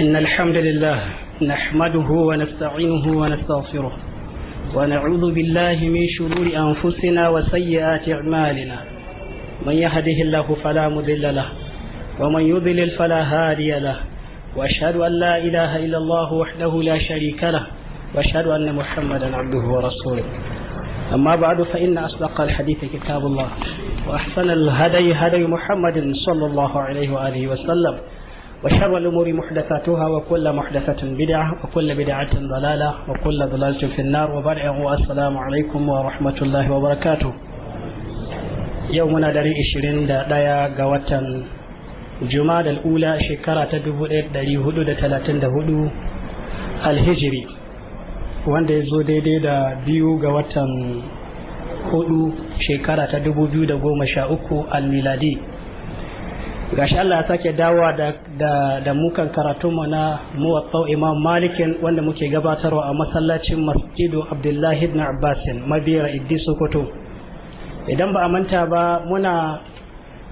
إن الحمد لله نحمده ونستعينه ونستغفره ونعوذ بالله من شرور أنفسنا وسيئات أعمالنا من يهده الله فلا مذل له ومن يضلل فلا هادي له وأشهد أن لا إله إلا الله وحده لا شريك له وأشهد أن محمدا عبده ورسوله أما بعد فإن أصدق الحديث كتاب الله وأحسن الهدي هدي محمد صلى الله عليه وآله وسلم وشر الأمور محدثاتها وكل محدثة بدعة وكل بدعة ضلالة وكل ضلالة في النار وبرعه السلام عليكم ورحمة الله وبركاته يومنا دري إشرين دا دايا قوتا جماد الأولى شكرة تدبو دري هدو دا تلاتين دا هدو الهجري وان دي زو دي دي دا بيو قوتا هدو شكرة تدبو بيو دا قوم شاوكو الميلادي gashi Allah ya sake dawowa da da, da mukan karatu mu na muwatta Imam Malikin wanda muke gabatarwa a masallacin Masjidu Abdullah ibn Abbas Mabira Iddi Sokoto idan ba a manta ba muna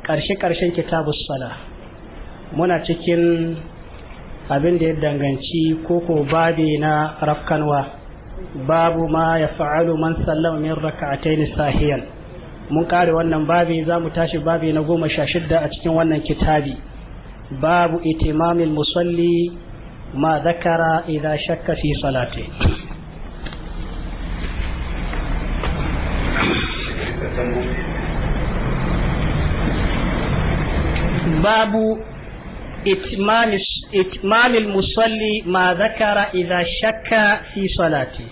karshe karshen kitabus sala muna cikin abin da ya danganci koko babi na rafkanwa babu ma ya fa'alu man sallama min raka'atayn sahiyan mun kare wannan babi za mu tashi babi na goma sha shidda a cikin wannan kitabi babu itimamin musalli ma zakara idza shakka fi salati babu musalli ma zakara ذكر shakka fi salate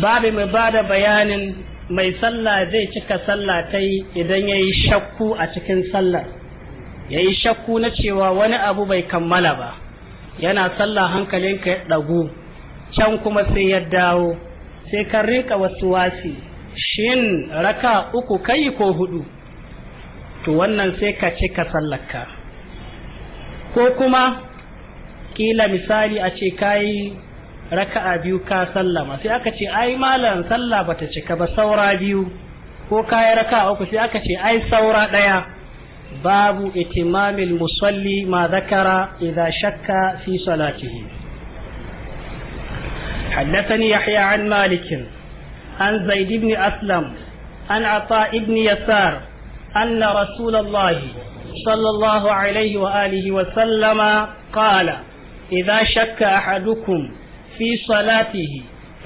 babu mai bada bayanin. mai sallah zai cika sallah ta yi idan ya yi shakku a cikin sallar ya yi shakku na cewa wani abu bai kammala ba yana sallah hankalinka ya ɗagu can kuma sai ya dawo sai ka rinka wasu wasi shin raka uku kai ko hudu to wannan sai ka cika sallarka ko kuma kila misali a ce kayi raka'a biyu ka sallama sai aka ce ai malam sallah bata cika ba saura biyu ko kayi raka'a uku sai aka ce ai saura ɗaya babu itimamil musalli ma zakara idza shakka fi salatihi حدثني يحيى عن مالك عن زيد بن أسلم عن عطاء بن يسار أن رسول الله صلى الله عليه وآله وسلم قال إذا شك أحدكم في صلاته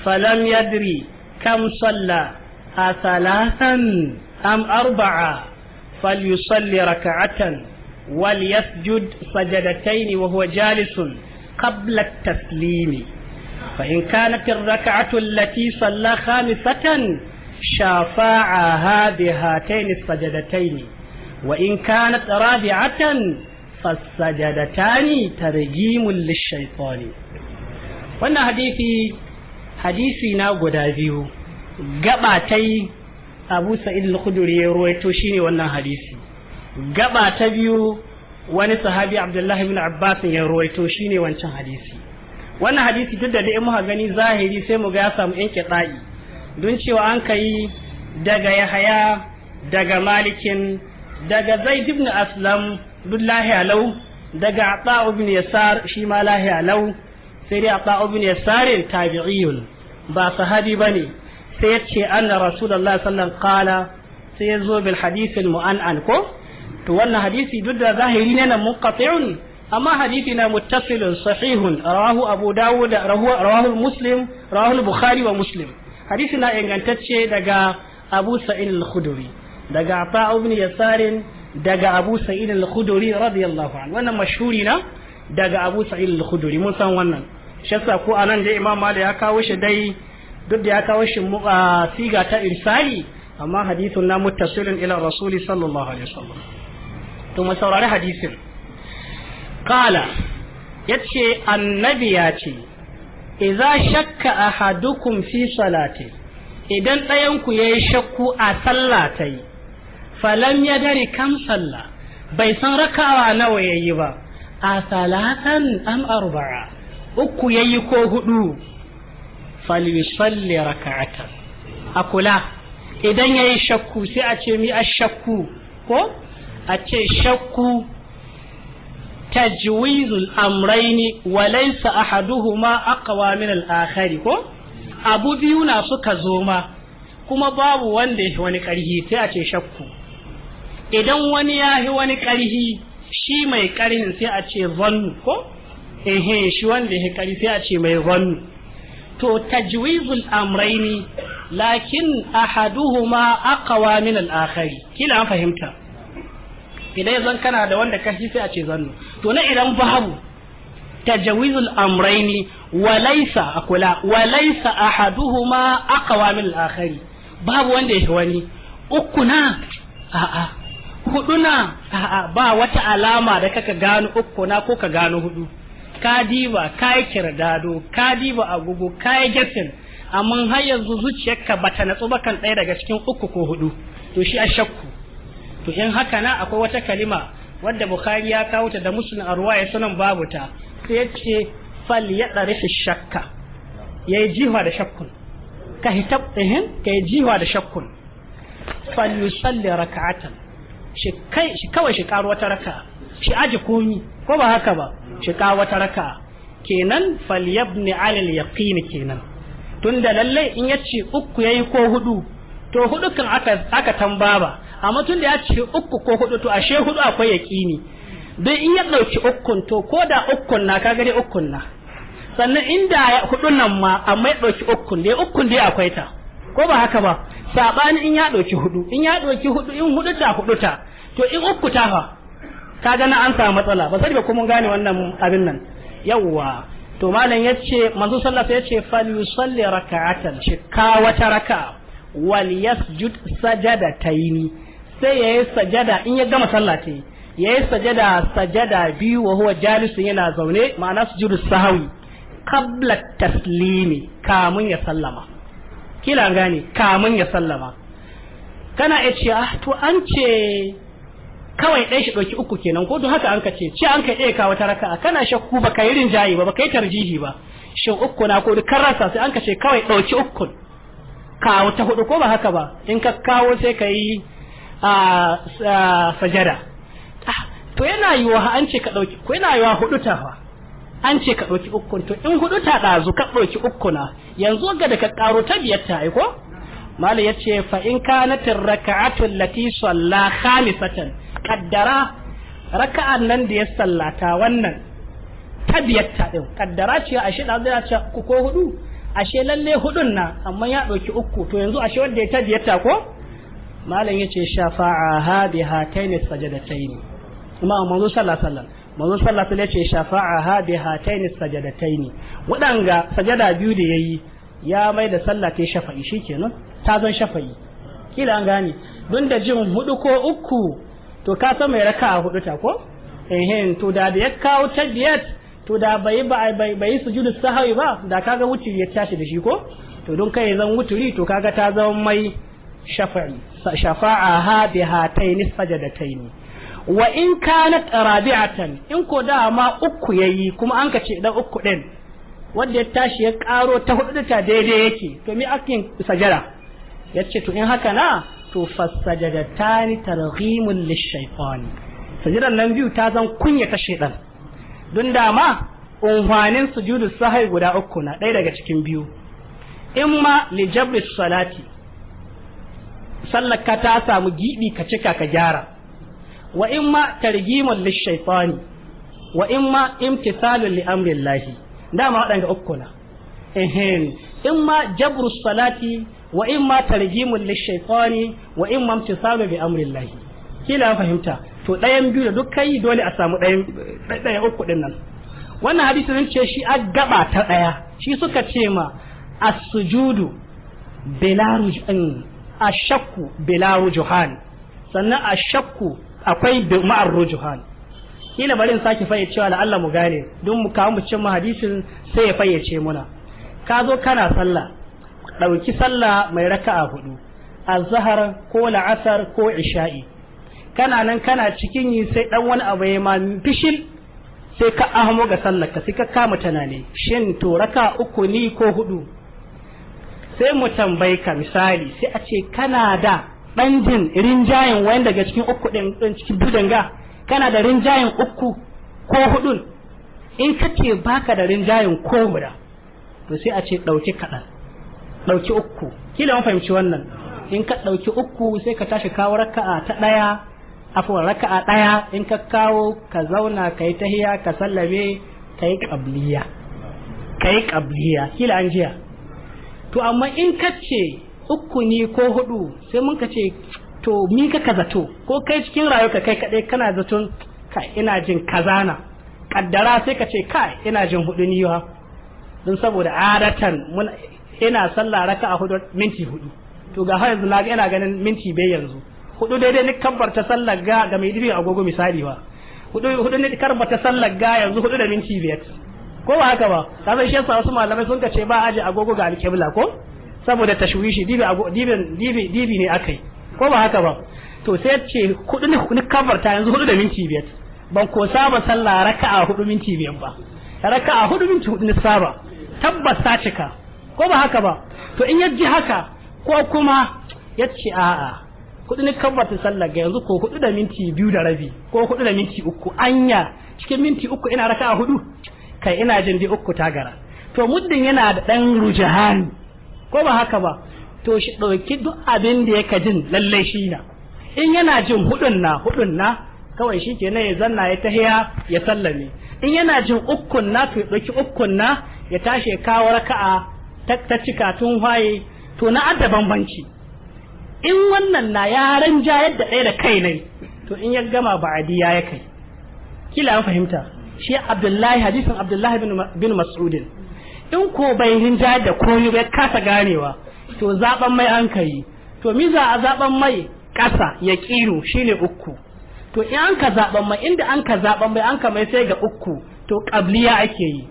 فلم يدري كم صلى أثلاثا أم أربعة فليصلي ركعة وليسجد سجدتين وهو جالس قبل التسليم فإن كانت الركعة التي صلى خامسة شافعها بهاتين السجدتين وإن كانت رابعة فالسجدتان ترجيم للشيطان wannan hadisi hadisi na guda biyu gaba ta yi abu sa'id al khudri ya ruwaito shine wannan hadisi gaba ta biyu wani sahabi abdullahi ibn abbas ya ruwaito shine wancan hadisi wannan hadisi duk da dai muka gani zahiri sai mu ga ya samu yanke ɗa'i don cewa an kai daga yahaya daga malikin daga zaid ibn aslam duk alau daga ata ibn yasar shi ma lahi alau. sai dai ata ibn yasarin tabi'iyun ba sahabi bane sai yace anna rasulullahi sallallahu alaihi wasallam sai yazo bil hadithil mu'an'an ko to wannan hadisi duk da zahiri ne nan munqati'un amma hadisi na muttasilun sahihun rawahu abu dawud rawahu muslim rawahu bukhari wa muslim hadisi na ingantacce daga abu sa'id al-khudri daga ata ibn yasarin daga abu sa'id al-khudri radiyallahu anhu wannan mashhuri na daga abu sa'id al-khudri mun san wannan shasa ko nan dai imam malik ya kawo shi dai duk da ya kawo shi a siga ta irsali amma hadithun na muttasilin ila rasuli sallallahu alaihi wasallam to mu saurari hadisin qala yace annabi ya ce idza shakka ahadukum fi salati idan ɗayan ku yayi shakku a sallah tai falam ya dari kam sallah bai san rakawa nawa yayi ba a salatan am arba'a uku ya yi ko hudu falisalli raka'ata a kula idan ya yi shakku sai a ce mi a shakku ko a ce shakku ta juwizul amraini walaisa ahaduhuma akawa min al'akari ko abu biyu na suka zo ma kuma babu wanda ya wani karhi sai a ce shakku idan wani ya yi wani karhi shi mai karhin sai a ce zannu ko ehe shi wanda ya kari sai a ce mai zannu to tajwizul amraini lakin ahaduhuma aqwa min al-akhari kila an fahimta idan zan kana da wanda kashi sai a ce zannu to na idan babu tajwizul amraini walaysa akula laysa ahaduhuma aqwa min al-akhari babu wanda ya wani uku na a'a Huduna? a'a ba wata alama da kaka gano uku na ko ka gano hudu ka diba ka yi kirdado ka diba agogo ka yi gesin amma har yanzu zuciyarka bata natsu ba kan ɗaya daga cikin uku ko hudu to shi a shakku to in haka na akwai wata kalima wadda bukhari ya kawo ta da muslim a ruwaya sunan babu ta sai ya ce fal ya ɗarifi shakka ya yi jihuwa da shakkun ka hitab ɗihin ka yi jihuwa da shakkun fal tsalle raka'atan shi kawai shi karo wata raka shi aji komi ko ba haka ba shiga wata raka kenan falyabni alal yaqin kenan tunda lalle in yace uku yayi ko hudu to hudu kan aka aka tambaba amma tunda ya ce uku ko hudu to ashe hudu akwai yaqini dai in ya dauki ukun to koda ukun na kaga dai ukun na sannan inda hudun nan ma amma ya dauki ukun dai ukun dai akwai ta ko ba haka ba sabani in ya dauki hudu in ya dauki hudu in hudu ta hudu ta to in uku ta fa Ka na an samu matsala ba sai ba kuma gane wannan abin nan yawwa to malam yace manzo sallallahu alaihi wasallam yace yusalli raka'atan shi ka wata raka wal yasjud ni sai yayi sajada in ya gama sallah ta yayi sajada sajada biyu wa huwa jalisun yana zaune ma'ana sujudu sahawi qabla taslimi kamun ya sallama kila gane kamun ya sallama kana yace ah to an ce kawai ɗaya shi ɗauki uku kenan ko don haka an ka ce ce an ka ɗaya kawo ta a, kana shakku ba ka yi rinjaye ba ba ka yi tarjihi ba shin uku na ko kan rasa sai an ka ce kawai ɗauki uku kawo ta hudu ko ba haka ba in ka kawo sai ka yi a sajada ah, to yana yiwa an ce ka ɗauki ko yana yiwa hudu ta fa an ce ka ɗauki uku to in hudu ta ɗazu ka ɗauki uku na yanzu ga da ka ƙaro ta biyar ta ko malam ya ce fa in kanatin raka'atul lati salla khamisatan kaddara raka'an nan da ya sallata wannan tabiyatta ɗin, kaddara ce shi da ya ce ku ko hudu ashe lalle hudun na amma ya ɗauki uku to yanzu ashe wanda ya tabiyatta ko malam ya ce shafa'a ha bi da sajadataini kuma manzo sallallahu alaihi wasallam manzo sallallahu sallasallan ya yace shafa'a ha bi hataini sajadataini Waɗanga sajada biyu da ya yi ya mai da sallah ta shafa'i kenan ta zan shafa'i kila an gane don da jin hudu ko uku to ka san mai raka'a hudu ta ko eh to da ya kawo ta to da bai bai bai sujudu sahawi ba da kaga wuturi ya tashi da shi ko to don kai zan wuturi to kaga ta zama mai shafa'i shafa'a ha bi hataini sajadataini wa in kanat rabi'atan in ko da ma uku yayi kuma an ka ce dan uku din wanda ya tashi ya karo ta hudu ta daidai yake to mi akin sajada yace to in haka na to fassajadatani targhimun lishaytani sujudan nan biyu ta zan kunya ta shaytan don dama unhwanin sujudu sahai guda uku na ɗaya daga cikin biyu in ma li jabri salati sallaka ta samu gibi ka cika ka gyara wa in ma targhimun lishaytani wa in ma imtisalun li amrillahi dama waɗanda uku na in ma jabru salati wa in ma tarhimul lishaytani wa in ma imtisalu bi amrillahi kila fahimta to ɗayan biyu da duk kai dole a samu ɗayan ɗaya uku din nan wannan hadisi sun ce shi a gaba ta ɗaya shi suka ce ma as-sujudu bila rujhan ashakku bila rujuhan sannan ashakku akwai ma'ar rujuhan kila barin sake fayyacewa da Allah mu gane don mu kawo mu cin hadisin sai ya fayyace muna ka zo kana sallah ɗauki sallah mai raka'a hudu a zahar ko la'asar ko isha'i kana nan kana cikin yi sai ɗan wani abu ya ma fishil sai ka ahmo ga sallar ka sai ka kama tunani shin to raka uku ni ko hudu sai mu tambaye ka misali sai a ce kana da dan jin rinjayen wayan daga cikin uku din din cikin budanga kana da rinjayen uku ko hudun in kace baka da rinjayen ko guda to sai a ce dauki kadan ɗauki uku kila mun fahimci wannan in ka ɗauki uku sai ka tashi kawo raka'a ta ɗaya afuwar raka'a ɗaya in ka kawo ka zauna ka yi tahiya ka sallame ka yi ƙabliya ka yi ƙabliya kila an jiya to amma in ka ce uku ni ko hudu sai mun ka ce to mi ka ka zato ko kai cikin rayuka kai kaɗai kana zaton kai ina jin kazana kaddara sai ka ce kai ina jin hudu ni don saboda adatan ina sallah raka'a hudu minti hudu to ga har yanzu na ina ganin minti bai yanzu hudu daidai ni kabbarta sallar ga ga mai dibin agogo misali ba hudu hudu ne karbata sallar ga yanzu hudu da minti biyar ko ba haka ba ka san shi yasa wasu malamai sun ce ba aje agogo ga alƙibla ko saboda tashwishi dibi dibin dibi dibi ne akai ko ba haka ba to sai ce hudu ni ni kabbarta yanzu hudu da minti biyar ban ko saba sallah raka'a hudu minti biyar ba raka'a hudu minti hudu ni saba tabbas ta cika ko ba haka ba to in yaji haka ko kuma ya ce a'a kuɗi ni kabbata sallar ga yanzu ko hudu da minti biyu da rabi ko hudu da minti uku anya cikin minti uku ina raka a hudu kai ina jin dai uku gara to muddin yana da ɗan rujahani ko ba haka ba to shi ɗauki duk abin da yaka jin lallai shi na in yana jin hudun na hudun na kawai shi ke ya zanna ya tahiya ya sallame in yana jin ukun na to ya ɗauki ukun na ya tashi ya kawo raka'a ta cika tun waye to na adda bambanci in wannan na yaran ja yadda ɗaya da kai ne to in ya gama ba diya ya kai kila an fahimta shi abdullahi hadisin abdullahi bin mas'udin in ko bai ja da koyi bai kasa ganewa to zaben mai an kai to za a zaben mai kasa ya kiro shine uku to in an ka zaben mai inda an ka zaben mai an ka mai sai ga uku to qabliya ake yi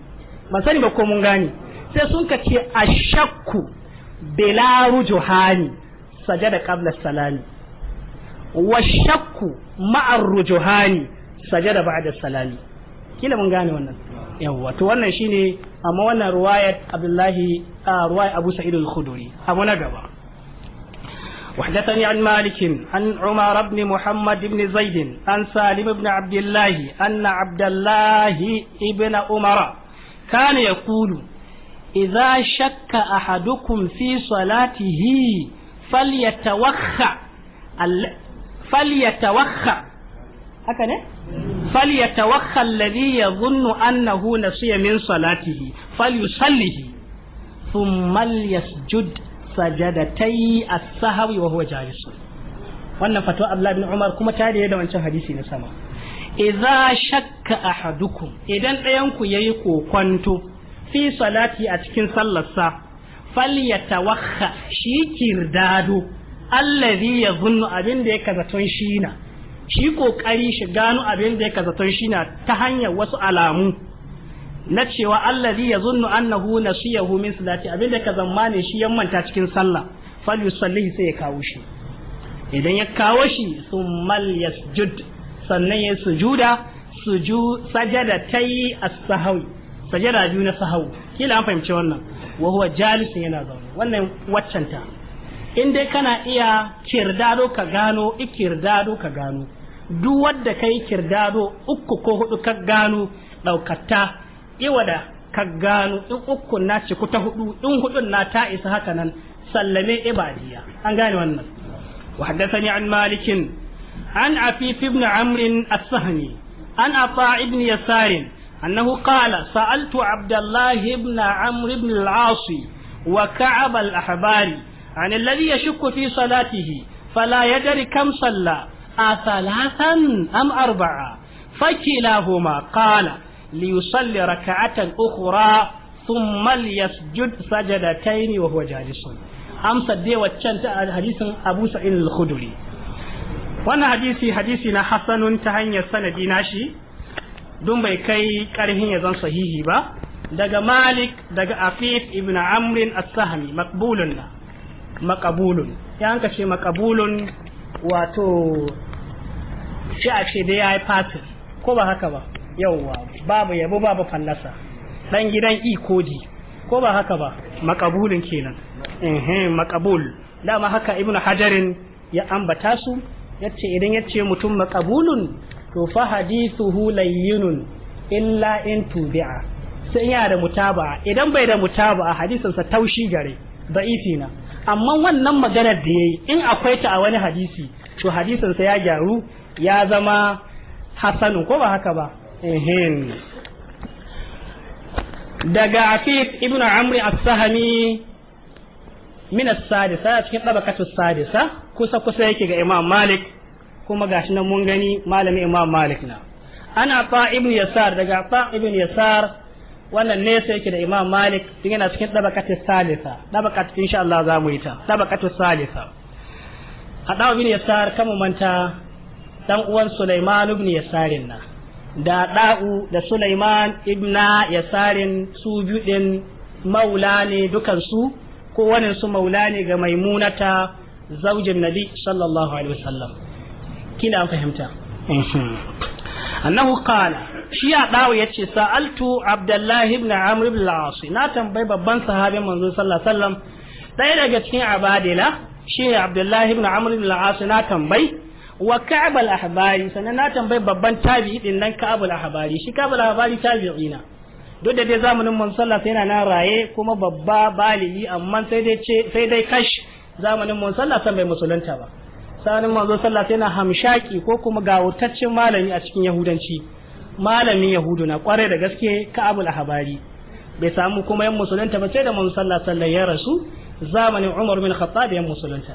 ban sani ba ko mun gane sai sun ka ce ashakku bila rujuhani sajada qabla salami wa shakku ma'ar rujuhani sajada ba'da salami kila mun gane wannan yawwa to wannan shine amma wannan riwayat Abdullahi riwayat Abu Sa'id al-Khudri abu na gaba وحدثني عن مالك عن عمر بن محمد بن زيد عن سالم بن عبد الله أن عبد الله بن عمر كان يقول idza shakka ahadukum fi salatihi falyatawakha falyatawakha haka ne falyatawakha alladhi yadhunnu annahu nasiya min salatihi falyusallihi thumma yasjud sajadatai as-sahwi wannan fatwa Abdullah ibn Umar kuma ta da wancan hadisi na sama idza shakka ahadukum idan ɗayan ku yayi kwanto fi salati a cikin sallarsa falyatawakha shi kirdado allazi zunnu abin da yake zaton shi na shi kokari shi gano abin da yake zaton shi na ta hanyar wasu alamu na cewa allazi zunnu annahu nasiyahu min salati abin da yake zammanin shi yammanta cikin sallah falyusalli sai ya kawo shi idan ya kawo shi summal yasjud sannan ya sujuda sujud sajada tayi as-sahwi sajada biyu na sahau kila an fahimci wannan wa huwa jalisun yana zaune wannan ta, in dai kana iya kirdado ka gano ikirdado ka gano duk wadda kai kirdado uku ko hudu ka gano daukatta iwada ka gano in uku na ci ta hudu in hudun na ta isa haka nan sallame ibadiya an gane wannan wa haddathani an malikin an afif ibn amr as-sahmi an ata ibn yasarin أنه قال سألت عبد الله بن عمرو بن العاص وكعب الأحبار عن الذي يشك في صلاته فلا يدري كم صلى أثلاثا أم أربعة فكلاهما قال ليصلي ركعة أخرى ثم ليسجد سجدتين وهو جالس أمس دي وچان حديث أبو سعيد الخدري وانا حديثي حديثنا حسن تهني السند ناشي dun bai kai karhin ya zan sahihi ba daga malik daga afif ibn amrin as-sahmi maqbulun maqbulun ya an kace maqbulun wato shi a ce dai yayi fatin ko ba haka ba yauwa babu yabo babu fallasa dan gidan ikodi ko ba haka ba maqbulun kenan eh maqbul dama haka ibn hajarin ya ambata su yace idan yace mutum maqbulun to fa hadithuhu layyinun illa in tubi'a sai yana da mutaba idan bai da mutaba hadisin sa taushi gare da'ifi na amma wannan maganar da yayi in akwai ta a wani hadisi to hadisin ya gyaru ya zama hasanu ko ba haka ba ehin daga Afif ibnu Amr as-Sahmi min as-sadisa cikin tabaqatu as-sadisa kusa kusa yake ga Imam Malik kuma gashi nan mun gani malami imam malik na ana fa ibn yasar daga fa ibn yasar wannan ne sai yake da imam malik din yana cikin dabaqatu salisa dabaqatu insha Allah za mu yi ta dabaqatu salisa a yasar kamu manta dan uwan sulaiman ibn yasarin na da da'u da sulaiman ibn yasarin su biyu din maula ne dukansu ko su maula ne ga maimunata zaujin nabi sallallahu alaihi wasallam kila an fahimta mhm. annahu qala shi ya dawo yace sa'altu abdullahi ibn amr ibn al-as na tambayi babban sahabin manzo sallallahu alaihi wasallam daga cikin abadila shi abdullahi ibn amr ibn al-as na tambayi wa ka'ab al-ahbari sannan na tambayi babban tabi'i din nan ka'ab al-ahbari shi ka'ab al-ahbari tabi'ina duk da dai zamanin manzo sallallahu alaihi wasallam yana nan raye kuma babba balili amma sai dai sai dai kash zamanin manzo sallallahu alaihi wasallam bai musulunta ba sanin manzo sallah yana hamshaki ko kuma gawurtaccen malami a cikin yahudanci malamin yahudu na kware da gaske ka'abul ahbari bai samu kuma yan musulunta ba sai da manzo sallah sallah ya rasu zamani, umar bin khattab yan musulunta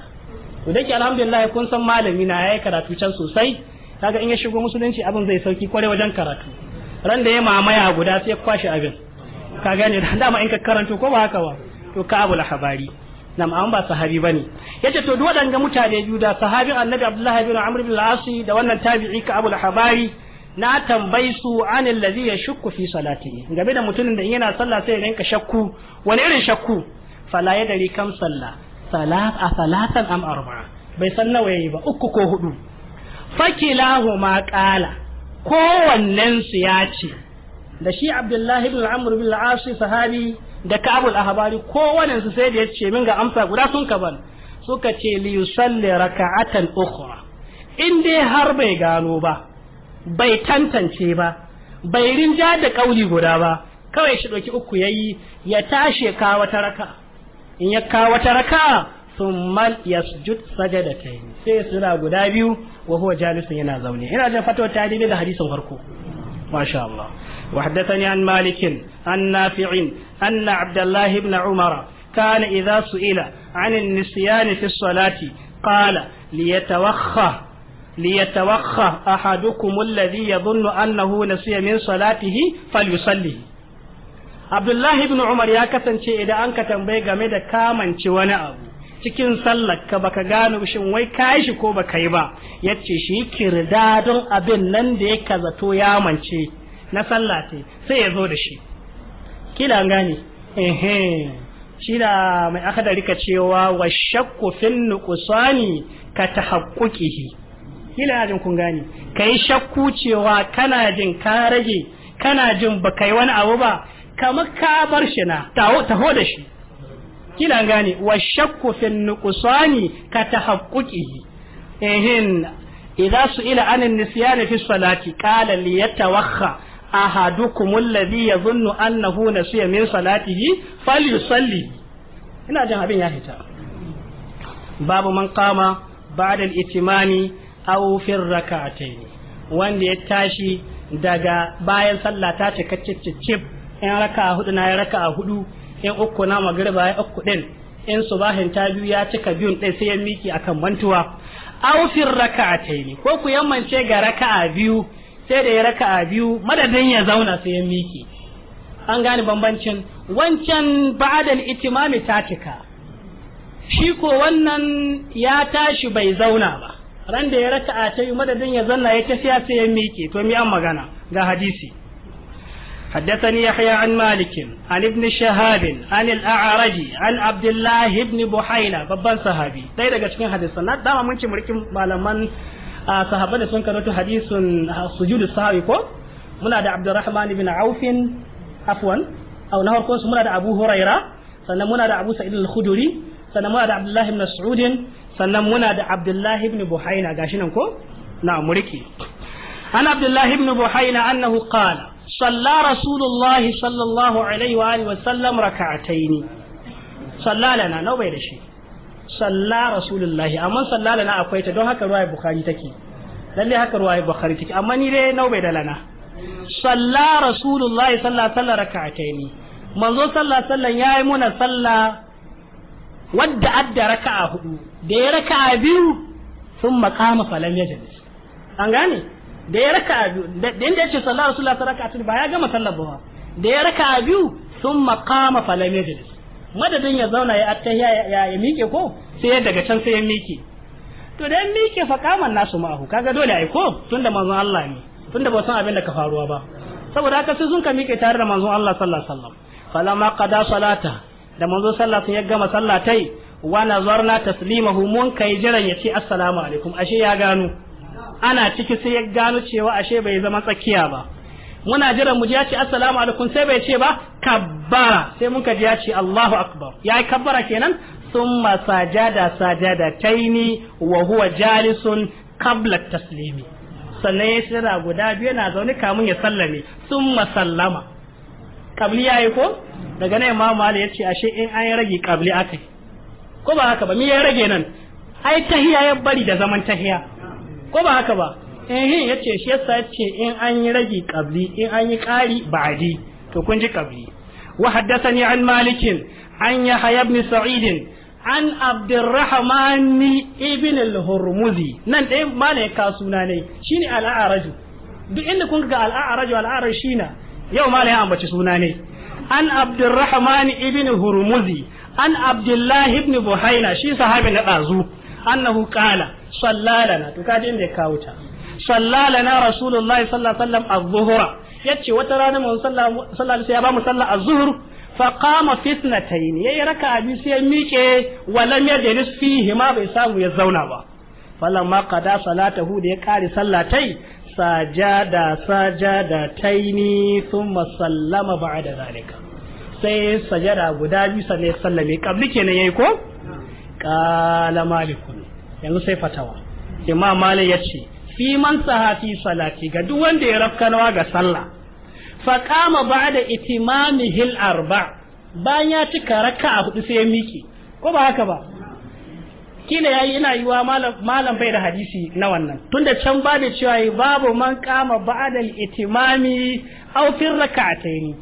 to dake alhamdulillah kun san malami na yayi karatu can sosai kaga in ya shigo musulunci abin zai sauki kwarai wajen karatu ran da ya mamaya guda sai ya kwashe abin ka gane da dama in ka karanto ko ba haka ba to ka'abul ahbari nam an ba sahabi bane yace to duk waɗanga mutane biyu da sahabin annabi abdullahi bin amr bin al da wannan tabi'i ka abul habari na tambayi su an allazi yashukku fi salatihi game da mutumin da in yana sallah sai ya rinka shakku wani irin shakku fala ya dari kam sallah salat a salatan am arba'a bai san nawa yayi ba uku ko hudu fakilahu ma qala kowannen su ya ce da shi abdullahi ibn amr bin al sahabi da kabul ahbari kowannen su sai da ya ce min ga amsa guda sun ban suka ce li yusalli raka'atan ukhra in dai har bai gano ba bai tantance ba bai rinja da kauli guda ba kawai shi doki uku yayi ya tashi ka wata raka in ya ka wata raka thumma yasjud sajadatayn sai guda biyu wa huwa jalisun yana zaune ina jin fatawa ta da hadisin farko masha Allah وحدثني عن مالك عن نافع أن عبد الله بن عمر كان إذا سئل عن النسيان في الصلاة قال ليتوخى ليتوخى أحدكم الذي يظن أنه نسي من صلاته فليصلي Abdullahi ibn Umar ya kasance idan an ka tambaye game da kamance wani abu cikin sallar ka baka gano shin wai kai shi ko baka yi ba yace shi kirda don abin nan da ya kazato ya mance na sallah ce sai ya zo da shi kila an gane ehe shi da mai aka da rika cewa wa shakku fil nuqsani ka tahaqquqihi kila jin kun gane kai shakku cewa kana jin ka rage kana jin ba kai wani abu ba kamar ka bar shi na taho da shi kila gane wa shakku fil nuqsani ka tahaqquqihi ehin idza su'ila anan nisyan fi salati qala liyatawakha ahadukum alladhi yadhunnu annahu nasiya min salatihi falyusalli ina jin abin ya hita. babu man kama ba'da al-itimami aw fi rak'atayn wanda ya tashi daga bayan sallah ta cika cicicip in raka hudu na ya raka hudu in uku na magriba ya uku din in subahin ta biyu ya cika biyun ɗin sai ya miki akan mantuwa aw fi rak'atayn ko ku yammance ga raka'a biyu sai da ya raka a biyu madadin ya zauna sai ya miki an gane bambancin wancan ba'adal itimami ta cika shi ko wannan ya tashi bai zauna ba ran da ya raka ta yi madadin ya zanna ya ta siya sai ya miki to mi an magana ga hadisi حدثني يحيى عن مالك عن ابن شهاب عن الأعرج عن عبد الله بن بحينة ببان صحابي دايدا daga cikin hadisan na dama mun ci malaman a sahabbai da sun karanto hadisin sujudu sahwi ko muna da Abdurrahman ibn aufin afwan aw na harkon su muna da Abu Huraira sannan muna da Abu Sa'id al khuduri sannan muna da abdullahi ibn Mas'ud sannan muna da abdullahi ibn Buhaina gashi nan ko na muriki an abdullahi ibn Buhaina annahu qala صلى رسول الله صلى الله عليه وآله وسلم ركعتين صلى لنا نو بيد شيء salla rasulullahi amma salla lana akwai ta don haka ruwaya bukhari take lalle haka ruwaya bukhari take amma ni dai nau bai da lana salla rasulullahi sallallahu alaihi wasallam raka'ataini manzo sallallahu alaihi wasallam yayi muna salla wadda adda raka'a hudu da ya raka'a biyu sun makama falam yajlis an gane da ya raka'a biyu da inda yace sallallahu alaihi wasallam raka'atun ba ya gama sallar ba da ya raka'a biyu sun makama falam yajlis madadin ya zauna ya attahiya ya ya miƙe ko sai ya daga can sai ya miƙe to dan ya miƙe fa kaman nasu ma'ahu kaga dole ai ko tunda manzon Allah ne tunda ba san abin da ka faruwa ba saboda haka sai sun ka miƙe tare da manzon Allah sallallahu alaihi wasallam falamma qada salata da manzon sallallahu ya gama sallatai wa nazarna taslimahu mun kai jiran ya ce assalamu alaikum ashe ya gano ana ciki sai ya gano cewa ashe bai zama tsakiya ba muna jiran mu ji ya ce assalamu alaikum sai bai ce ba kabbara sai muka ji ya ce Allahu akbar ya yi kabbara kenan summa sajada sajada taini wa huwa jalisun qabla taslimi sannan ya shira guda biyu yana zaune kamun ya sallame summa sallama kabli yayi ko daga nan imamu mali ya ce ashe in an rage kabli akai ko ba haka ba me ya rage nan ai tahiya ya bari da zaman tahiya ko ba haka ba hin eh, ya ce shi yasa ce in an yi ragi kabli in an yi kari ba'di to kun ji kabli wa haddathani an malikin an ya hayabni sa'idin an abdurrahman ibn al-hurmuzi nan dai malaika suna ne shine al-a'raju duk inda kun ga al-a'raju al-a'raju shine yau malaya ambaci suna ne an abdurrahman ibn hurmuzi an abdullahi ibn buhaina shi sahabi na dazu annahu qala sallalana to kaje inda ya kawo ta salla lana rasulullahi sallallahu alaihi wasallam az-zuhra yace wata rana mun sallallahu alaihi ya ba mu sallah az-zuhr fa qama fitnatayn yayi raka'a biyu sai miƙe walam yajlis fihi ma bai samu ya zauna ba falamma qada salatahu da ya kare sallatai sajada sajada taini thumma sallama ba'da zalika sai sajada guda biyu sannan ya sallame kabli kenan yayi ko qala malikun yanzu sai fatawa imam malik yace fi man saha fi salati ga duk wanda ya rafkanawa ga sallah fa ba ba'da itimamihi al-arba bayan ya cika a hudu sai ya miki ko ba haka ba kila yayi ina yiwa malam malam bai da hadisi na wannan tunda can ba da cewa babu man kama ba'da al-itimami aw fi rak'atayn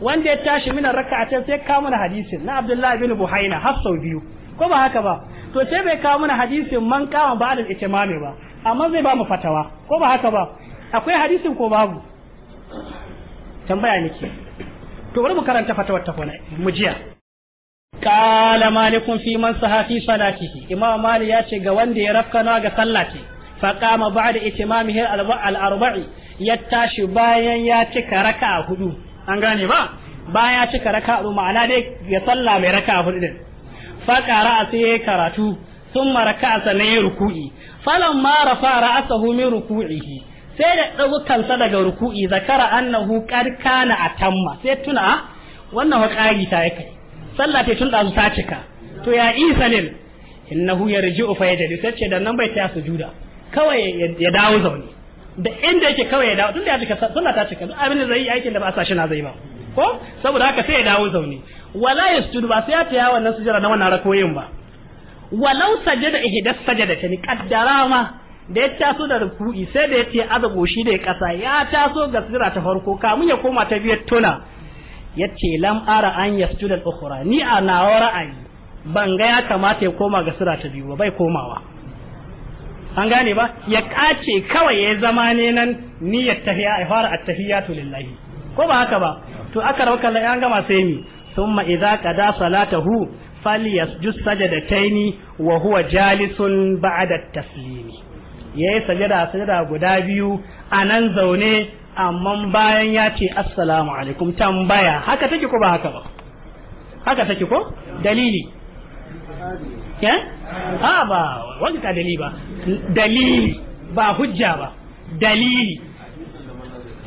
wanda ya tashi mina rak'atayn sai ka mana hadisin na Abdullahi bin Buhaina har biyu ko ba haka ba to sai bai kama mana hadisin man kama ba'da al-itimami ba amma zai ba mu fatawa ko ba haka ba akwai hadisin ko babu tambaya nake to bari mu karanta fatawar ta kona mu jiya qala malikun fi man sahati salatihi imam mali ya ce ga wanda ya rafkana ga sallati fa qama ba'da itimamihi al-arba'i ya tashi bayan ya cika raka hudu an gane ba bayan ya cika raka hudu ma'ana dai ya salla mai raka hudu din fa qara'a sai karatu thumma raka'a sannan ya ruku'i falamma rafa ra'asahu min ruku'ihi sai da dago kansa daga ruku'i zakara annahu qad kana atamma sai tuna ah, wannan wakari ta yake sallah ta tun da su ta cika to ya isa lil innahu yarji'u fa yajli sai ce dan nan bai ta sujuda kawai ya dawo zaune da inda yake kawai ya dawo tunda ya cika sallah ta cika abin da zai yi aikin da ba a sashi na zai ba ko saboda haka sai ya dawo zaune wala yasjudu ba sai ya ta yawa nan sujara na wannan rakoyin ba walau sajada ihdas sajadatani kaddara ma da ya taso da ruku'i sai da yace azabo shi da ya kasa ya taso ga sira ta farko kamun ya koma ta biyar Tuna, yace lam ara an yasjuda al-ukhra ni a nawa ra'ayi ban ga ya kamata ya koma ga sira ta biyu ba bai komawa an gane ba ya kace kawai ya zama ne nan niyyar tahiyya ya fara at-tahiyatu lillahi ko ba haka ba to aka rauka an gama sai mi ثم إذا qada صلاته falyasjud sajadataini wa huwa jalisun ba'da taslimi yayi sajada sajada guda biyu anan zaune amma bayan ya ce assalamu alaikum tambaya haka take ko ba haka ba haka take ko dalili ya eh? ah, ha ba wanda ka dalili ba dalili ba hujja ba dalili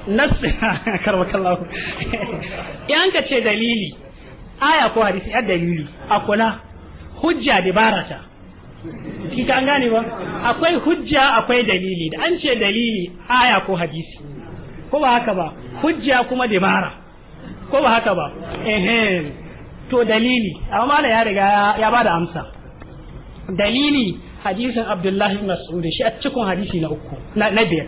nas karbakallahu yanka ce dalili aya ko hadisi ya dalili a hujja da barata, kika an gane ba akwai hujja akwai dalili da an ce dalili aya ko hadisi ko ba haka ba hujja kuma bara ko ba haka ba ehem to dalili amma mala ya riga ya bada amsa dalili hadisin abdullahi ibn mas'ud shi a cikin hadisi na uku na biyar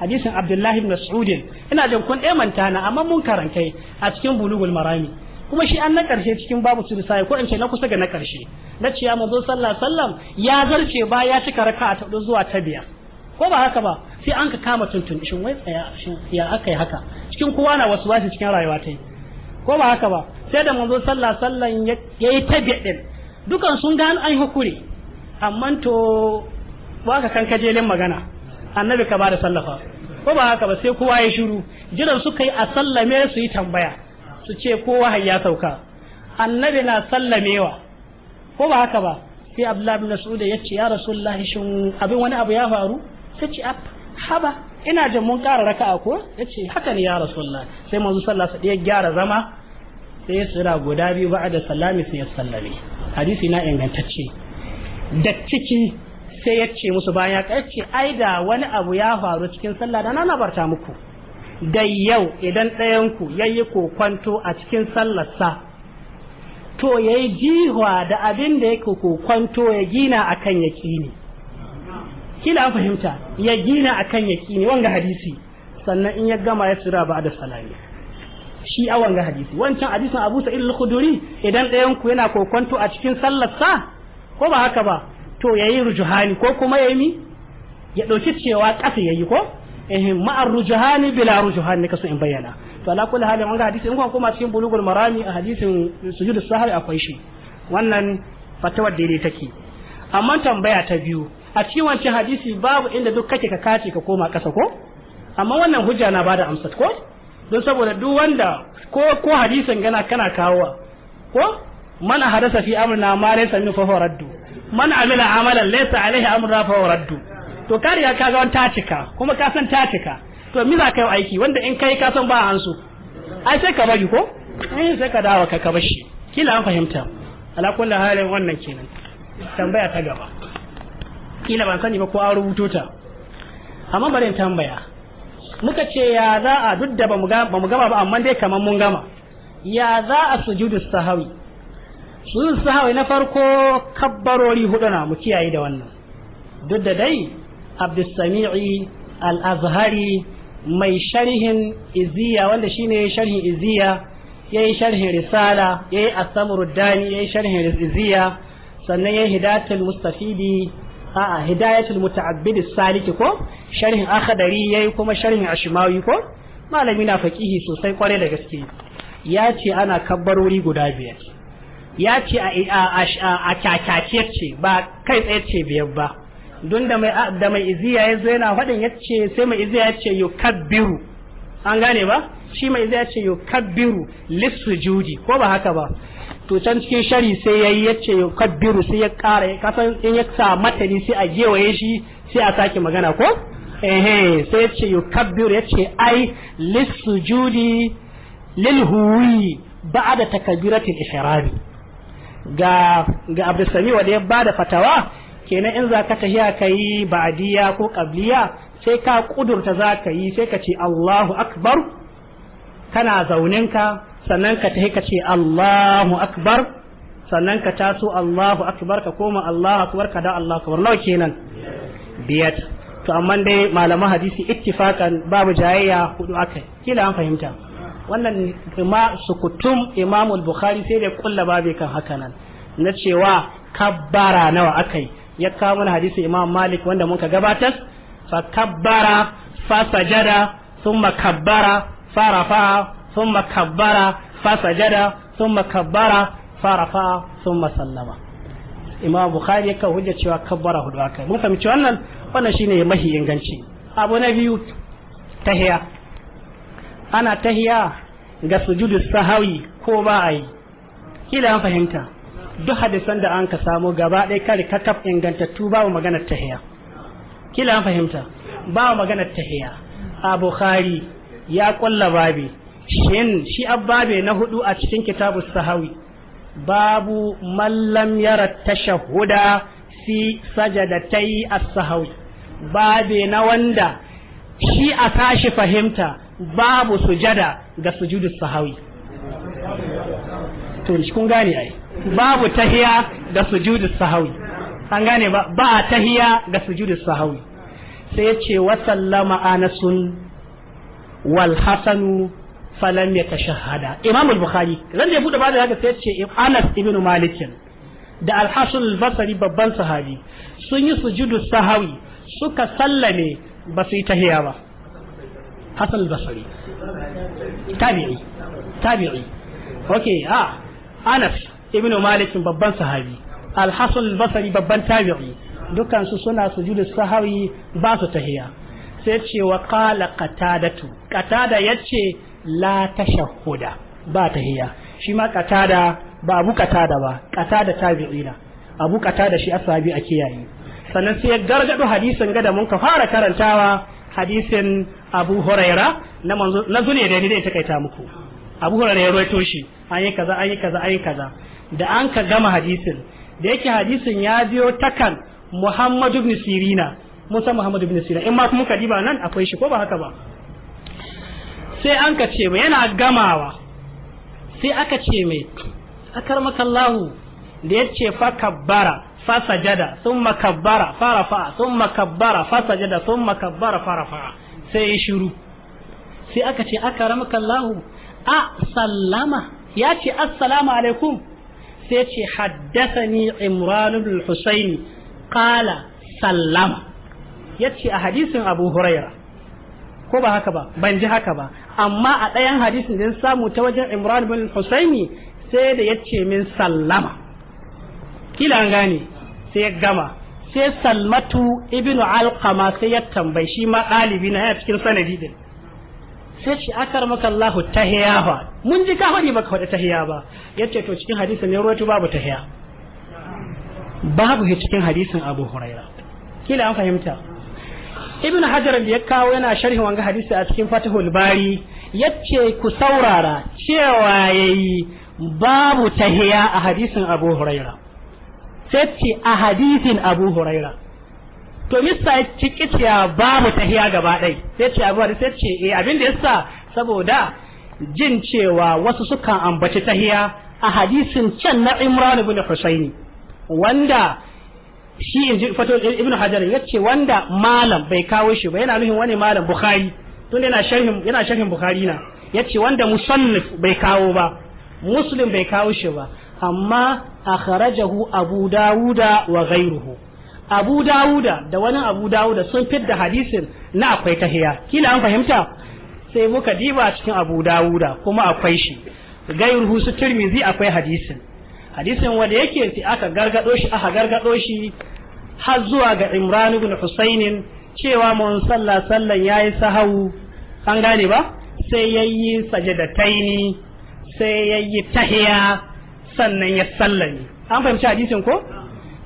hadisin abdullahi ibn mas'ud ina jin kun manta na amma mun karantai a cikin bulugul marami kuma shi an na karshe cikin babu surisai ko in ce na kusa ga na karshe na ciya manzo sallallahu sallam ya zarce ba ya cika a ta zuwa ta biyar ko ba haka ba sai an ka kama tuntun shin wai tsaya shin ya aka yi haka cikin kowa na wasu wasu cikin rayuwa ta yi ko ba haka ba sai da manzo sallallahu sallam ya yi ta biyar din dukan sun gano an hukuri amma to ba ka kan kajelin magana annabi ka ba da sallafa ko ba haka ba sai kowa ya shiru jiran suka yi a sallame su yi tambaya su ce ko wahayi ya sauka annabi na sallamewa ko ba haka ba sai abdullahi bin mas'ud ya ce ya rasulullahi shin abin wani abu ya faru sai ce haba ina jin mun ƙara raka'a ko ya ce haka ne ya rasulullahi sai manzo sallallahu ya gyara zama sai ya tsira guda biyu ba da salami sai ya sallame hadisi na ingantacce da ciki sai ya ce musu bayan ya ce ai da wani abu ya faru cikin sallah da na barta muku dai yau idan ɗayanku ya yi kokwanto a cikin sallarsa to ya yi jihuwa da abin da ya kokwanto ya gina a kan ya ne. kila an fahimta ya gina a kan ya ne wanga hadisi sannan in ya gama ya tsira ba da salami shi a wanga hadisi wancan hadisin abu sa'id al-khuduri idan ɗayanku yana kokwanto a cikin sallarsa ko ba haka ba to ya yi rujuhani ko kuma ya yi ya ɗauki cewa ƙasa ya yi ko ehin ma'ar rujhani bila rujhan ne kasu in bayyana to ala kulli hali wanga hadisi in kuma koma cikin bulugul marami a hadisin sujud sahari akwai shi wannan da daidai take amma tambaya ta biyu a cikin wancan hadisi babu inda duk kake ka kace ka koma kasa ko amma wannan hujja na bada amsa ko don saboda duk wanda ko ko hadisin gana kana kawowa ko man hadasa fi amrina ma laysa min fa raddu man amila amalan laysa alaihi amrun fa raddu to ka riga ka ga wani tatika kuma ka san tatika to mi za ka yi aiki wanda in kai ka san ba hansu ai sai ka bari ko ai sai ka dawo ka kaba shi kila an fahimta ala kullu halin wannan kenan tambaya ta gaba kila ban sani ba ko an rubuto ta amma bari in tambaya muka ce ya za a duk da ba mu gama ba amma dai kamar mun gama ya za a sujudu sahawi sujudu sahawi na farko kabbarori hudu na mu kiyaye da wannan duk da dai abdusami'i al-azhari mai sharhin iziya wanda shine sharhin iziya yayi sharhin risala yayi as dani yayi sharhin iziya sannan yayi hidayatul mustafidi a'a hidayatul muta'abbid as-saliki ko sharhin akhdari yayi kuma sharhin ashmawi ko malami na faqihi sosai kware da gaske ya ce ana kabbarori guda biyar ya ce a kyakyace ce ba kai tsaye ce biyar ba don da mai da mai iziya ya zo yana faɗin ya ce sai mai iziya ya ce kabiru an gane ba shi mai iziya ya ce lissu lissujudi ko ba haka ba to can cikin shari sai yayi ya ce kabiru sai ya ƙara ya kasan in ya sa matani sai a gewaye shi sai a sake magana ko ehe sai ya ce kabiru ya ce ai lissujudi lilhuwi ba'da takabiratil ihrami ga ga Abdul Sami wanda ya bada fatawa kenan in za ka tahiya ka yi ba'diya ko qabliya sai ka kudurta za ka yi sai ka ce Allahu akbar kana zaunin ka sannan ka tahi ka ce Allahu akbar sannan ka taso Allahu akbar ka koma Allahu akbar ka da Allahu akbar nawa kenan biyat to amma dai malaman hadisi ittifakan babu jayayya hudu akai kila an fahimta wannan sukutum imamul bukhari sai da kulla babu kan hakanan na cewa kabbara nawa akai ya kawo mana hadisi imam malik wanda muka gabatar fa kabbara fa sajada thumma kabbara fa rafa'a thumma kabbara fa sajada thumma kabbara fa rafa'a thumma sallama imam bukhari ya hujja cewa kabbara hudu aka mun fahimci wannan wannan shine mahi inganci abu na biyu tahiya ana tahiya ga sujudu sahawi ko ba a yi kila an fahimta duk hadisan da an ka samu gaba ɗaya kare kakaf ingantattu babu maganar tahiya kila an fahimta babu maganar tahiya a bukhari ya kulla babi shin shi ababe na hudu a cikin kitabu sahawi babu mallam yara tashahuda fi sajadatai as-sahawi babe na wanda shi a tashi fahimta babu sujada ga sujudu sahawi to kun gane ai babu tahiya da sujudu sahawi an gane ba ba tahiya da sujudu sahawi sai yace wa sallama anasun wal hasanu falam tashahada imam al-bukhari ran da ya bude bada haka sai ce anas ibnu malik da al-hasan al-basri babban sahabi sun yi sujudu sahawi suka sallame ba su yi tahiya ba hasan al-basri tabi'i tabi'i okay ah anas ibnu malikin babban sahabi al basari babban tabi'i dukkan su suna sujudu sahari ba su tahiya sai ce wa katadatu katada ya yace la tashahhuda ba tahiya shi ma katada ba abu qatada ba qatada na abu qatada shi ashabi a kiyaye sannan sai ya gargado hadisin gada mun ka fara karantawa hadisin abu huraira na manzo na zune da ni da takaita muku abu huraira ya ruwaito shi an yi kaza an yi kaza an yi kaza da an ka gama hadisin da yake hadisin ya biyo takan Muhammadu ibn Sirina Musa Muhammadu ibn Sirina in ma kuma ka diba nan akwai shi ko ba haka ba sai an ka ce mai yana gamawa sai aka ce mai akar makallahu da ya ce fa kabbara fa sajada sun makabbara fa rafa'a sun makabbara fa sajada sun makabbara fa rafa'a sai ya shiru sai aka ce aka ramakallahu a sallama ya ce assalamu alaikum sai ce haddasa ni ibn husayn qala sallama yace a hadisin abu huraira ko ba haka ba ban ji haka ba amma a ɗayan hadisin da samu ta wajen imran ibn husaini sai da yace min sallama kila an gane sai ya gama sai salmatu ibnu alqama sai ya tambayi shi ma ɗalibi na cikin sanadi din sai ce akar maka Allah tahiya fa mun ji ka faɗi maka faɗi tahiya ba yace to cikin hadisin ne ruwatu babu tahiya babu cikin hadisin Abu Huraira kila an fahimta Ibn Hajar da ya kawo yana sharhi wanga hadisi a cikin fathul Bari yace ku saurara cewa yayi babu tahiya a hadisin Abu Huraira sai ce a hadisin Abu Huraira to mista ya babu tahiya gaba ɗai sai ce abu sai ce eh abin da yasa saboda jin cewa wasu sukan ambaci tahiya a hadisin can na Imran ibn Husaini wanda shi inji fato ibn Hajar ce wanda malam bai kawo shi ba yana nufin wani malam Bukhari tun yana sharhin yana sharhin Bukhari na yace wanda musannif bai kawo ba muslim bai kawo shi ba amma akhrajahu Abu Dawuda wa ghayruhu abu dawuda da wani abu dawuda sun da hadisin na akwai tahiya kila an fahimta sai muka diba cikin abu dawuda kuma akwai shi gairuhu husu tirmizi akwai hadisin hadisin wanda yake fi aka gargado shi aka gargado shi har zuwa ga imran bin husainin cewa mun sallah sallan yayi sahau an gane ba sai yayi sajadataini sai yayi tahiya sannan ya sallani. an fahimci hadisin ko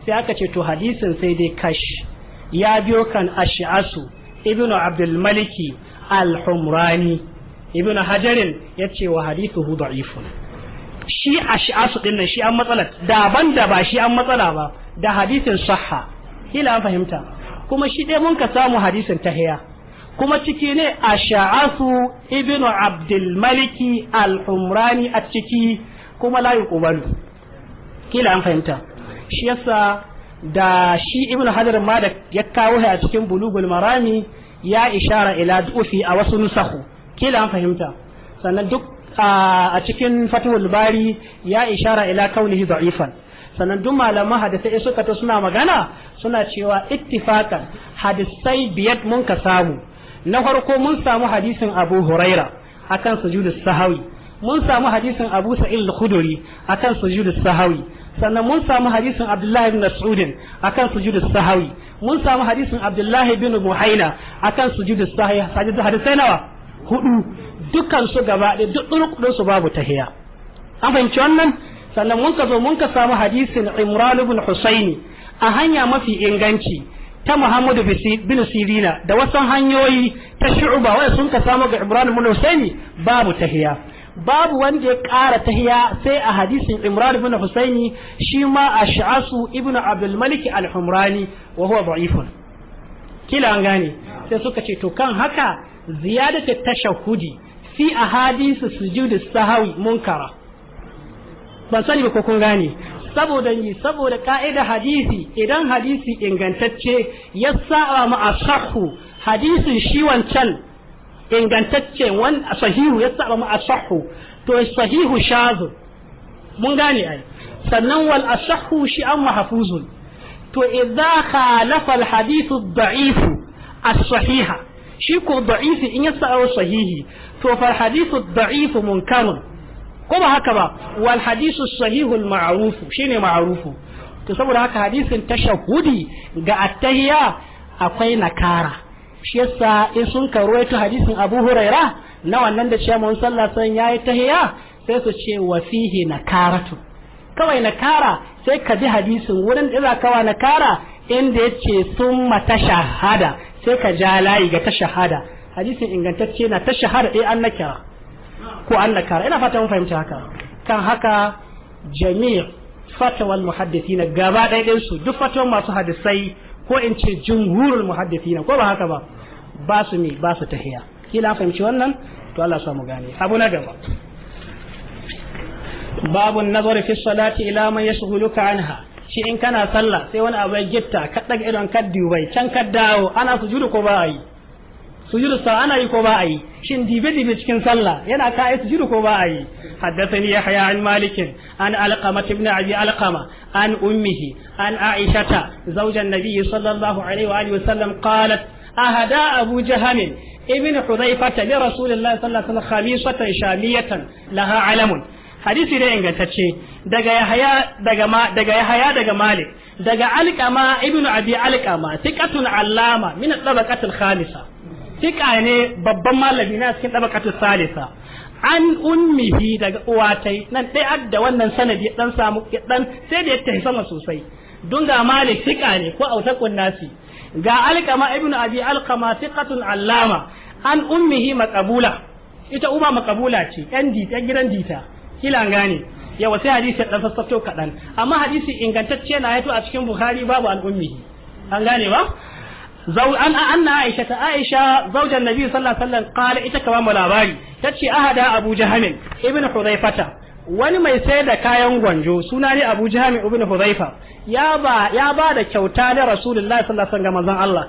sai aka ce to hadisin sai dai kash ya biyo kan ash'asu ibnu abdul maliki al-humrani ibnu hajarin ya ce wa hadithuhu da'ifun shi ash'asu din nan shi an matsala daban da ba shi an matsala ba da hadisin sahha kila an fahimta kuma shi dai mun ka samu hadisin tahiya kuma ciki ne ash'asu ibnu abdul maliki al-humrani a ciki kuma la yuqbalu kila an fahimta shi yasa da shi ibn hajar ma da ya kawo a cikin bulugul marami ya ishara ila dufi a wasu nusahu kila an fahimta sannan duk a cikin fatihul bari ya ishara ila kaunihi da'ifan sannan duk malaman hadisai suka to suna magana suna cewa ittifaqan hadisai biyar mun ka samu na farko mun samu hadisin abu huraira akan sujudus sahawi mun samu hadisin abu sa'il al-khudri akan sujudus sahawi sannan mun samu hadisin Abdullahi bin Mas'udin akan sujudus sahawi mun samu hadisin Abdullahi bin Muhaina akan sujudus sahawi sajidu hadisai nawa hudu dukkan su gaba ɗaya duk ɗurkudin su babu tahiya an fahimci wannan sannan mun ka zo mun ka samu hadisin Imran ibn Husaini a hanya mafi inganci ta Muhammadu bin Sirina da wasu hanyoyi ta shu'uba wanda sun ka samu ga Imran ibn Husaini babu tahiya babu wanda ya ƙara tahiya sai a hadisin Imran ibn Husaini shi ma a sha'asu ibn Abdul Malik al-Humrani wa huwa da'ifun kila an gane sai suka ce to kan haka ziyadatu tashahudi fi ahadisu sujudi sahawi munkara ban sani ba ko kun gane saboda ni saboda ka'ida hadisi idan hadisi ingantacce ya sa'a ma ashahu hadisin shi wancan ingantacce wan sahihu ya saba ma asahu to sahihu shazu mun gane ai sannan wal asahu shi an mahfuzun to idza khalafa al hadith da'if as sahiha shi ko da'ifi in ya saba sahihi to fa hadith ad da'if munkarun ko ba haka ba wal hadith sahihu al ma'ruf shine ma'rufu to saboda haka hadisin tashahudi ga attahiya akwai nakara shi yasa in sun ta hadisin Abu Huraira na wannan da cewa mun sallah san yayi tahiya sai su ce wa fihi nakaratu kawai nakara sai ka ji hadisin wurin da za kawa nakara inda yace mata shahada sai ka ja layi ga ta shahada. hadisin ingantacce na tashahada eh an nakira ko an nakara ina fata mun fahimta haka kan haka jami' fatawal muhaddithina gaba ɗaya su duk fatawan masu hadisai ko in ce jumhurul muhaddithina ko ba haka ba ba su ne ba su tahiya kila fahimci wannan to Allah mu gane abu na gaba babu nazari fi salati ila man yashghuluka anha shi in kana sallah sai wani abu ya gitta ka daga idon ka can ka dawo ana sujudu ko ba yi sujudu sa ana yi ko ba a yi shin dibe dibe cikin sallah yana ka yi sujudu ko ba a yi haddathani yahya an malik an alqama ibn abi alqama an ummihi an aishata zawjan nabiy sallallahu alaihi wa alihi wa sallam qalat ahada abu jaham ibn hudhaifah li rasulillahi sallallahu alaihi wa sallam khamisatan shamiyatan laha alamun hadisi ne ingantacce daga yahaya daga ma daga yahaya daga malik daga alqama ibn abi alqama thiqatun allama min at-tabaqatil khamisa tika ne babban malami na cikin dabakatu salisa an ummihi daga uwatai nan dai adda wannan sanadi ya dan samu ya dan sai da ya tafi sama sosai don ga malik tika ne ko autakun kunnasi ga alkama ibnu abi alkama tiqatun allama an ummihi maqabula ita uba maqabula ce yan dita gidan dita kila gane yawa sai hadisi dan sassafto kadan amma hadisi ingantacce na yato a cikin bukhari babu an ummihi an gane ba zau an anna aisha ta aisha zaujan nabi sallallahu alaihi wasallam qala ita ka mu labari tace ahada abu jahamin ibn hudhaifata wani mai sayar da kayan gwanjo suna ne abu jahamin ibn hudhaifa ya ba ya ba da kyauta da rasulullahi sallallahu alaihi wasallam manzon Allah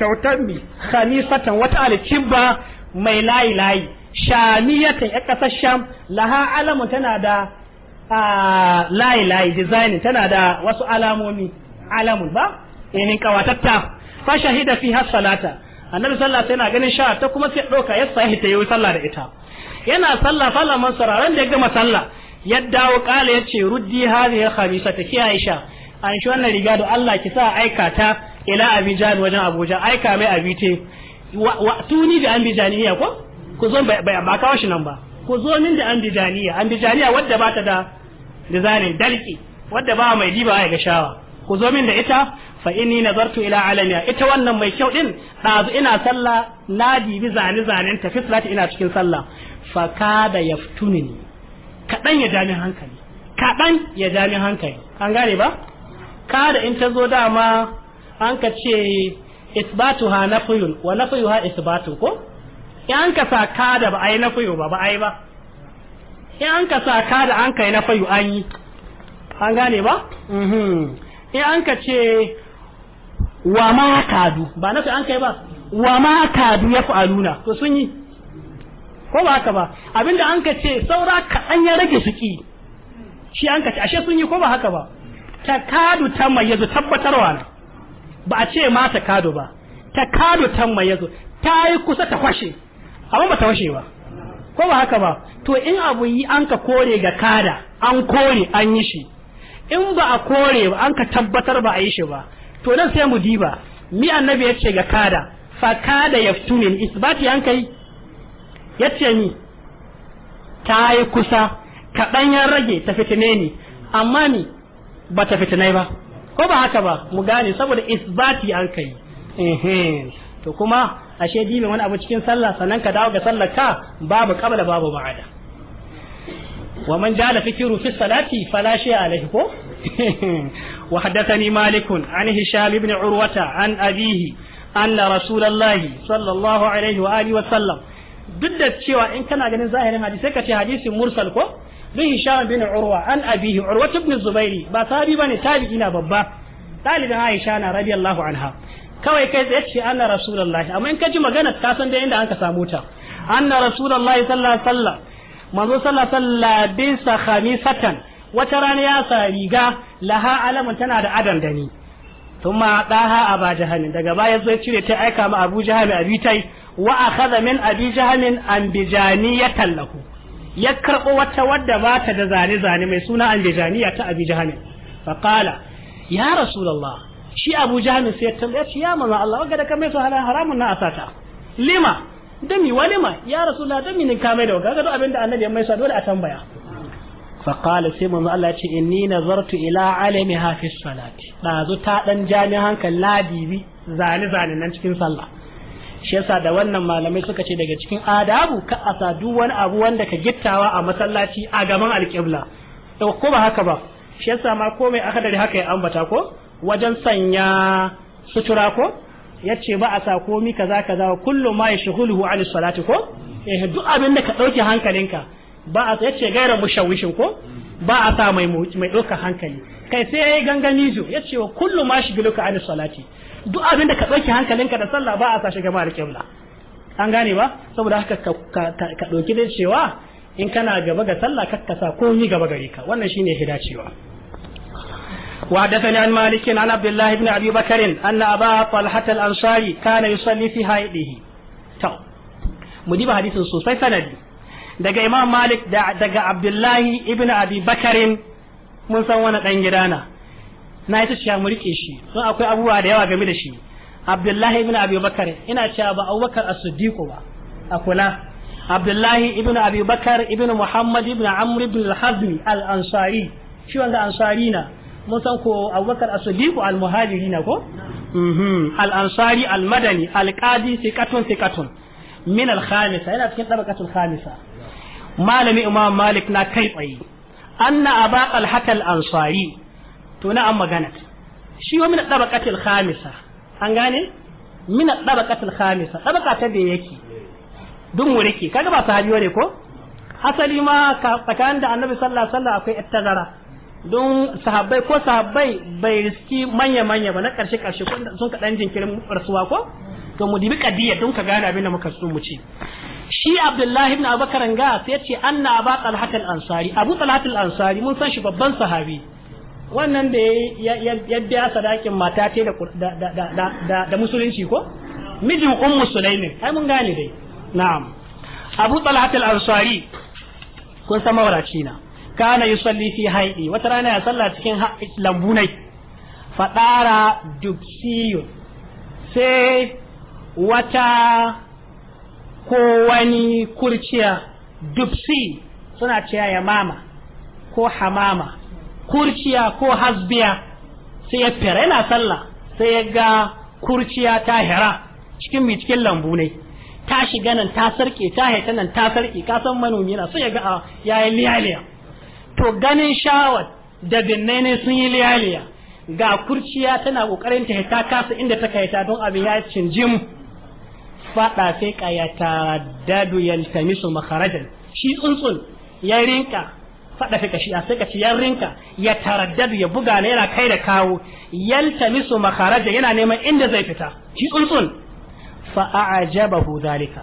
kyautar mi khamisatan wata alkibba mai layi layi shamiyatan ya kasar sham laha alamun tana da layi layi design tana da wasu alamomi alamun ba enin eh, kawatatta fa shahida fiha salata annabi sallallahu alaihi wasallam ganin sha ta kuma sai doka ya sahi ta yi sallah da ita yana sallah sallah man sararan da ya gama sallah ya dawo kala yace ruddi hadhihi khamisa ta ki Aisha an shi wannan riga da Allah ki sa aika ta ila abijan wajen Abuja aika mai Abite wa tuni da abijaniya ko ku zo ba kawo shi nan ba ku zo min da abijaniya abijaniya wadda ba ta da da dalki wadda ba mai diba ya ga shawa ku zo min da ita fa inni nazartu ila alamiya ita wannan mai kyau din dazu ina sallah na dibi zane zanen ta fislati ina cikin sallah fa kada yaftunini kadan ya jami hankali kadan ya jami hankali an gane ba kada in ta zo dama an ka ce isbatuha nafyun wa nafyuha isbatun ko in an ka sa kada ba ai nafyu ba ba ai ba in an ka sa kada an kai nafyu an yi an gane ba mhm. in an ka ce wa ma kadu ba nafi an kai ba wa ma kadu ya fa'aluna to sun yi ko ba haka ba abinda an ka ce saura kaɗan ya rage suki shi an ka ce ashe sun yi ko ba haka ba ta kadu ta mayyazu tabbatarwa ba a ce ma ta kadu ba ta kadu ta mayyazu ta yi kusa ta kwashe amma ba ta kwashe ba ko ba haka ba to in abu yi an ka kore ga kada an kore an yi shi in ba a kore ba an ka tabbatar ba a yi shi ba to nan sai mu diba mi annabi yace ga kada fa kada min isbati an kai yace ni ta yi kusa kaɗan ya rage ta fitine ni amma ni ba ta fitine ba ko ba haka ba mu gane saboda isbati an kai to kuma ashe dibe wani abu cikin sallah sannan ka dawo ga sallar ka babu kabla babu ba'ada wa man jala fikiru fi salati fala shi alaihi ko وحدثني مالك عن هشام بن عروة عن أبيه أن رسول الله صلى الله عليه وآله وسلم duk da cewa in kana ganin zahirin hadisi sai ka ce hadisin mursal ko bin hisham bin urwa an abihi urwa ibn zubairi ba sahabi bane tabi'i na babba talibin aisha na radiyallahu anha kawai kai tsaye ce anna rasulullahi amma in ka ji magana ka san da inda anka samu ta anna rasulullahi sallallahu alaihi wasallam manzo sallallahu alaihi wasallam bisa khamisatan wata rana ya sa riga laha alamun tana da adam da ni ɗaha a ba jahannam daga baya zai cire ta aika ma abu jahannam abi tai wa akhadha min abi jahannam an bijaniyatan lahu ya karɓo wata wadda ba ta da zane zane mai suna an bijaniya ta abi jahannam fa qala ya rasulullah shi abu jahannam sai ya tambaya ya manzo Allah wanda da kamar su haramun na asata lima dami lima ya rasulullah dami ne, kamai da kaga duk abinda annabi ya mai sa dole a tambaya faƙala sai manzo Allah ya ce inni nazartu ila alami hafiz salati ɗazu ta ɗan jami hankali ladibi zane zane nan cikin sallah shi yasa da wannan malamai suka ce daga cikin adabu ka asa duk wani abu wanda ka gittawa a masallaci a gaban alƙibla ko ba haka ba shi yasa ma komai aka dare haka ya ambata ko wajen sanya sutura ko yace ba a sa komi kaza kaza kullu ma yashghuluhu an salati ko eh duk abin da ka dauke hankalinka ba a yace gaira mushawishin ko ba a sa mai mai ɗaukar hankali kai sai yayi gangami zu yace wa kullu ma shi shigiluka an salati duk abin da ka ɗauki hankalinka da sallah ba a sa shi gama da kibla an gane ba saboda haka ka ɗauki da cewa in kana gaba ga sallah kakkasa ko ni gaba gare ka wannan shine hidacewa وحدثني عن مالك عن عبد الله بن ابي بكر ان ابا طلحه الانصاري كان يصلي في هائله تو diba hadisin sosai سندي daga imam malik daga abdullahi ibn abi bakarin mun san wani dan gidana na yi cewa mu rike shi don akwai abubuwa da yawa game da shi abdullahi ibn abi bakar ina cewa ba abubakar as-siddiq ba a kula abdullahi ibn abi bakar ibn muhammad ibn amr ibn al-hazmi al-ansari shi wanda ansari na mun san ko abubakar as-siddiq al-muhajiri na ko mhm. al-ansari al-madani al-qadi thiqatun thiqatun min al-khamisa yana cikin tabaqatul khamisa malami imam malik na kai tsaye anna aba talhata al-ansari to na an magana shi wa min daba al-khamisa an gane min daba al-khamisa Daba ta da yake dun muriki kaga ba sahabi ne ko asali ma tsakanin da annabi sallallahu alaihi wasallam akwai ittazara don sahabbai ko sahabbai bai riski manya manya ba na karshe karshe sun ka dan jinkirin rasuwa ko to mu dibi kadiyya don ka gane abin da muka so mu ce shi abdullahi ibn abubakar ga sai ce anna abu talhat al-ansari abu talhat al-ansari mun san shi babban sahabi wannan da ya ya sadakin mata ce da musulunci ko mijin ummu sulaimin ai mun gane dai na'am abu talhat al-ansari kun san mawaraci na kana yusalli fi haidi wata rana ya sallah cikin lambunai fadara duksiyun sai wata ko wani kurciya dubsi suna cewa ya mama ko hamama kurciya ko hasbiya sai ya fere yana sallah sai ya ga kurciya ta hira cikin mai cikin lambu ne ta shiga nan ta sarki ta haita nan ta sarki ka san manomi na sai ya ga ah, yayi liyaliya to ganin shawar da binne ne sun yi liyaliya ga kurciya tana kokarin ta ta kasa inda ta ta don abin ya cinjim fada sai ka ya taraddadu yaltamisu makharajan shi tsuntsun ya rinka fada sai ka sai ka ci ya rinka ya taraddadu ya buga ne yana kai da kawo yaltamisu makharajan yana neman inda zai fita shi tsuntsun fa a'jabahu zalika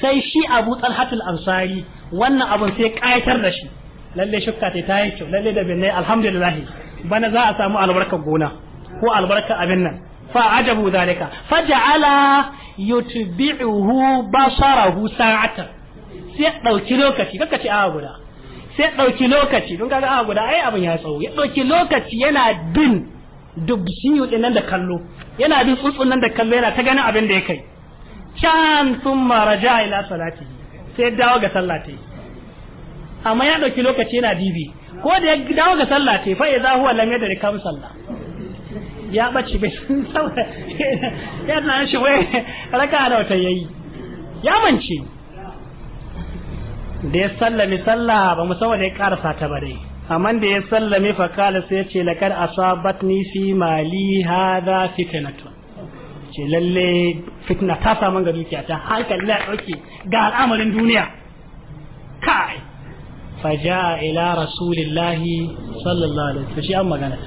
sai shi Abu Talhatul Ansari wannan abun sai kayatar da shi lalle shukka ta yi kyau lalle da binne alhamdulillah bana za a samu albarkar gona ko albarkar abin nan fa ajabu zalika faja'ala yutbi'uhu basarahu sa'atan sai dauki lokaci kaka ce awa guda sai dauki lokaci don kaga awa guda ai abin ya tsawo ya dauki lokaci yana bin dubsiyu din nan da kallo yana bin tsutsun nan da kallo yana ta ganin abin da ya kai can thumma raja'a ila salati sai dawo ga sallati amma ya dauki lokaci yana dibi ko da ya dawo ga sallati fa idza huwa lam yadri kam sallah ya bace bai san saboda ya na shi wai raka da wata yayi ya mance da ya sallami sallah ba mu saboda ya karasa ta ba dai amma da ya sallami fa kala sai ya ce lakar asabatni fi mali hada fitnatu ce lalle fitna ta samu ga dukiya ta hankali na ɗauke ga al'amarin duniya kai fa jaa ila rasulillahi sallallahu alaihi wasallam shi an magana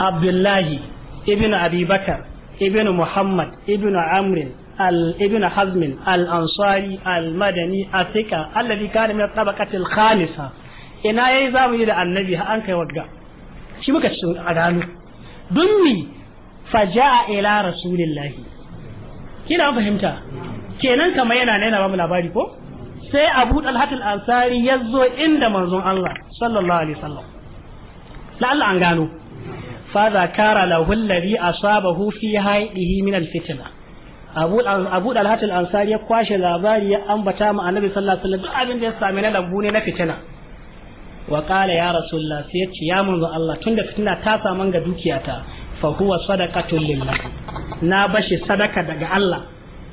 abdullahi ibn Abibakar, ibn muhammad ibn amrin al ibn hazmin al ansari al madani asika alladhi kana min tabaqati al khamisa ina yayi zamu yi da annabi an kai wagga shi muka ci a ranu dummi faja'a ila rasulillahi kina fahimta kenan kamar yana nuna bamu labari ko sai abu dalhatul ansari ya zo inda manzon Allah sallallahu alaihi wasallam la an gano fa zakara lahu a saba fi haidihi min alfitna abu abu dalhat al-ansari ya kwashe labari ya ambata mu annabi sallallahu alaihi abin da ya sami na lambu ne na fitina Wakala ya rasu sai ya ya manzo Allah tunda fitina ta saman ga dukiyata fa huwa sadaqatun lillah na bashi sadaka daga Allah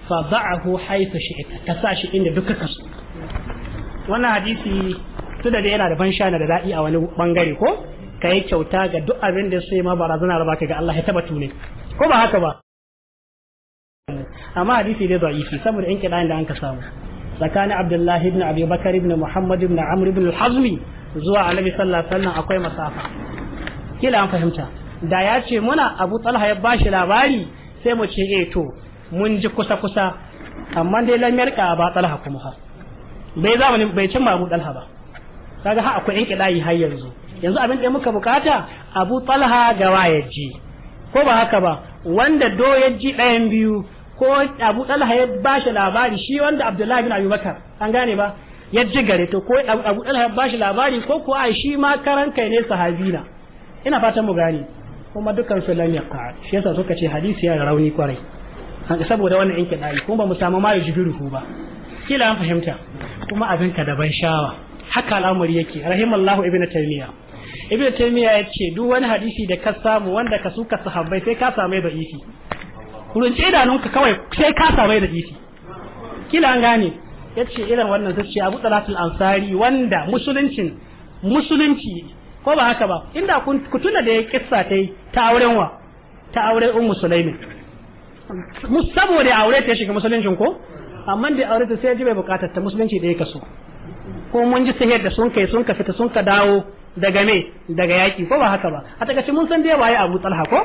fa da'ahu haythu shi'ta ka sa shi inda duka kasu wannan hadisi tunda da yana da ban shana da daɗi a wani bangare ko ka yi kyauta ga duk abin da sai ma barazana raba ka ga Allah ya tabbatu ne ko ba haka ba amma hadisi dai da'ifi saboda in kidan da an ka samu tsakanin Abdullahi ibn Abi Bakar ibn Muhammad ibn Amr ibn al-Hazmi zuwa Annabi sallallahu alaihi wasallam akwai masafa kila an fahimta da ya ce muna Abu Talha ya bashi labari sai mu ce eh to mun ji kusa kusa amma dai lamiyar ka ba Talha kuma ha bai zamanin bai cin Abu Talha ba kaga ha akwai in kidayi har yanzu yanzu abin da muka bukata abu talha da ji. ko ba haka ba wanda do ji ɗayan biyu ko abu talha ya bashi labari shi wanda abdullahi bin abubakar an gane ba ya ji gare to ko abu talha ya bashi labari ko ko a shi ma karan kai ne sahabina ina fatan mu gane kuma dukkan su yaqa shi yasa suka ce hadisi ya rauni kwarai saboda wannan yanke dai kuma ba mu samu ma yajibiru ba kila an fahimta kuma abin ka daban shawa haka al'amari yake rahimallahu ibnu taymiya ibn taymiya ya ce duk wani hadisi da ka samu wanda ka suka sahabbai sai ka samu da isi da nunka kawai sai ka samu da isi kila an gane ya ce irin wannan sai ce abu talatul ansari wanda musuluncin musulunci ko ba haka ba inda kun tuna da ya kissa ta ta auren wa ta aure ummu sulaimin saboda aure ta shiga musuluncin ko amma da aure ta sai ji bai bukatar ta musulunci da ya kaso ko mun ji sai da sun kai sun ka fita sun ka dawo daga me daga yaki ko ba haka ba a takaice mun san dai waye Abu Talha ko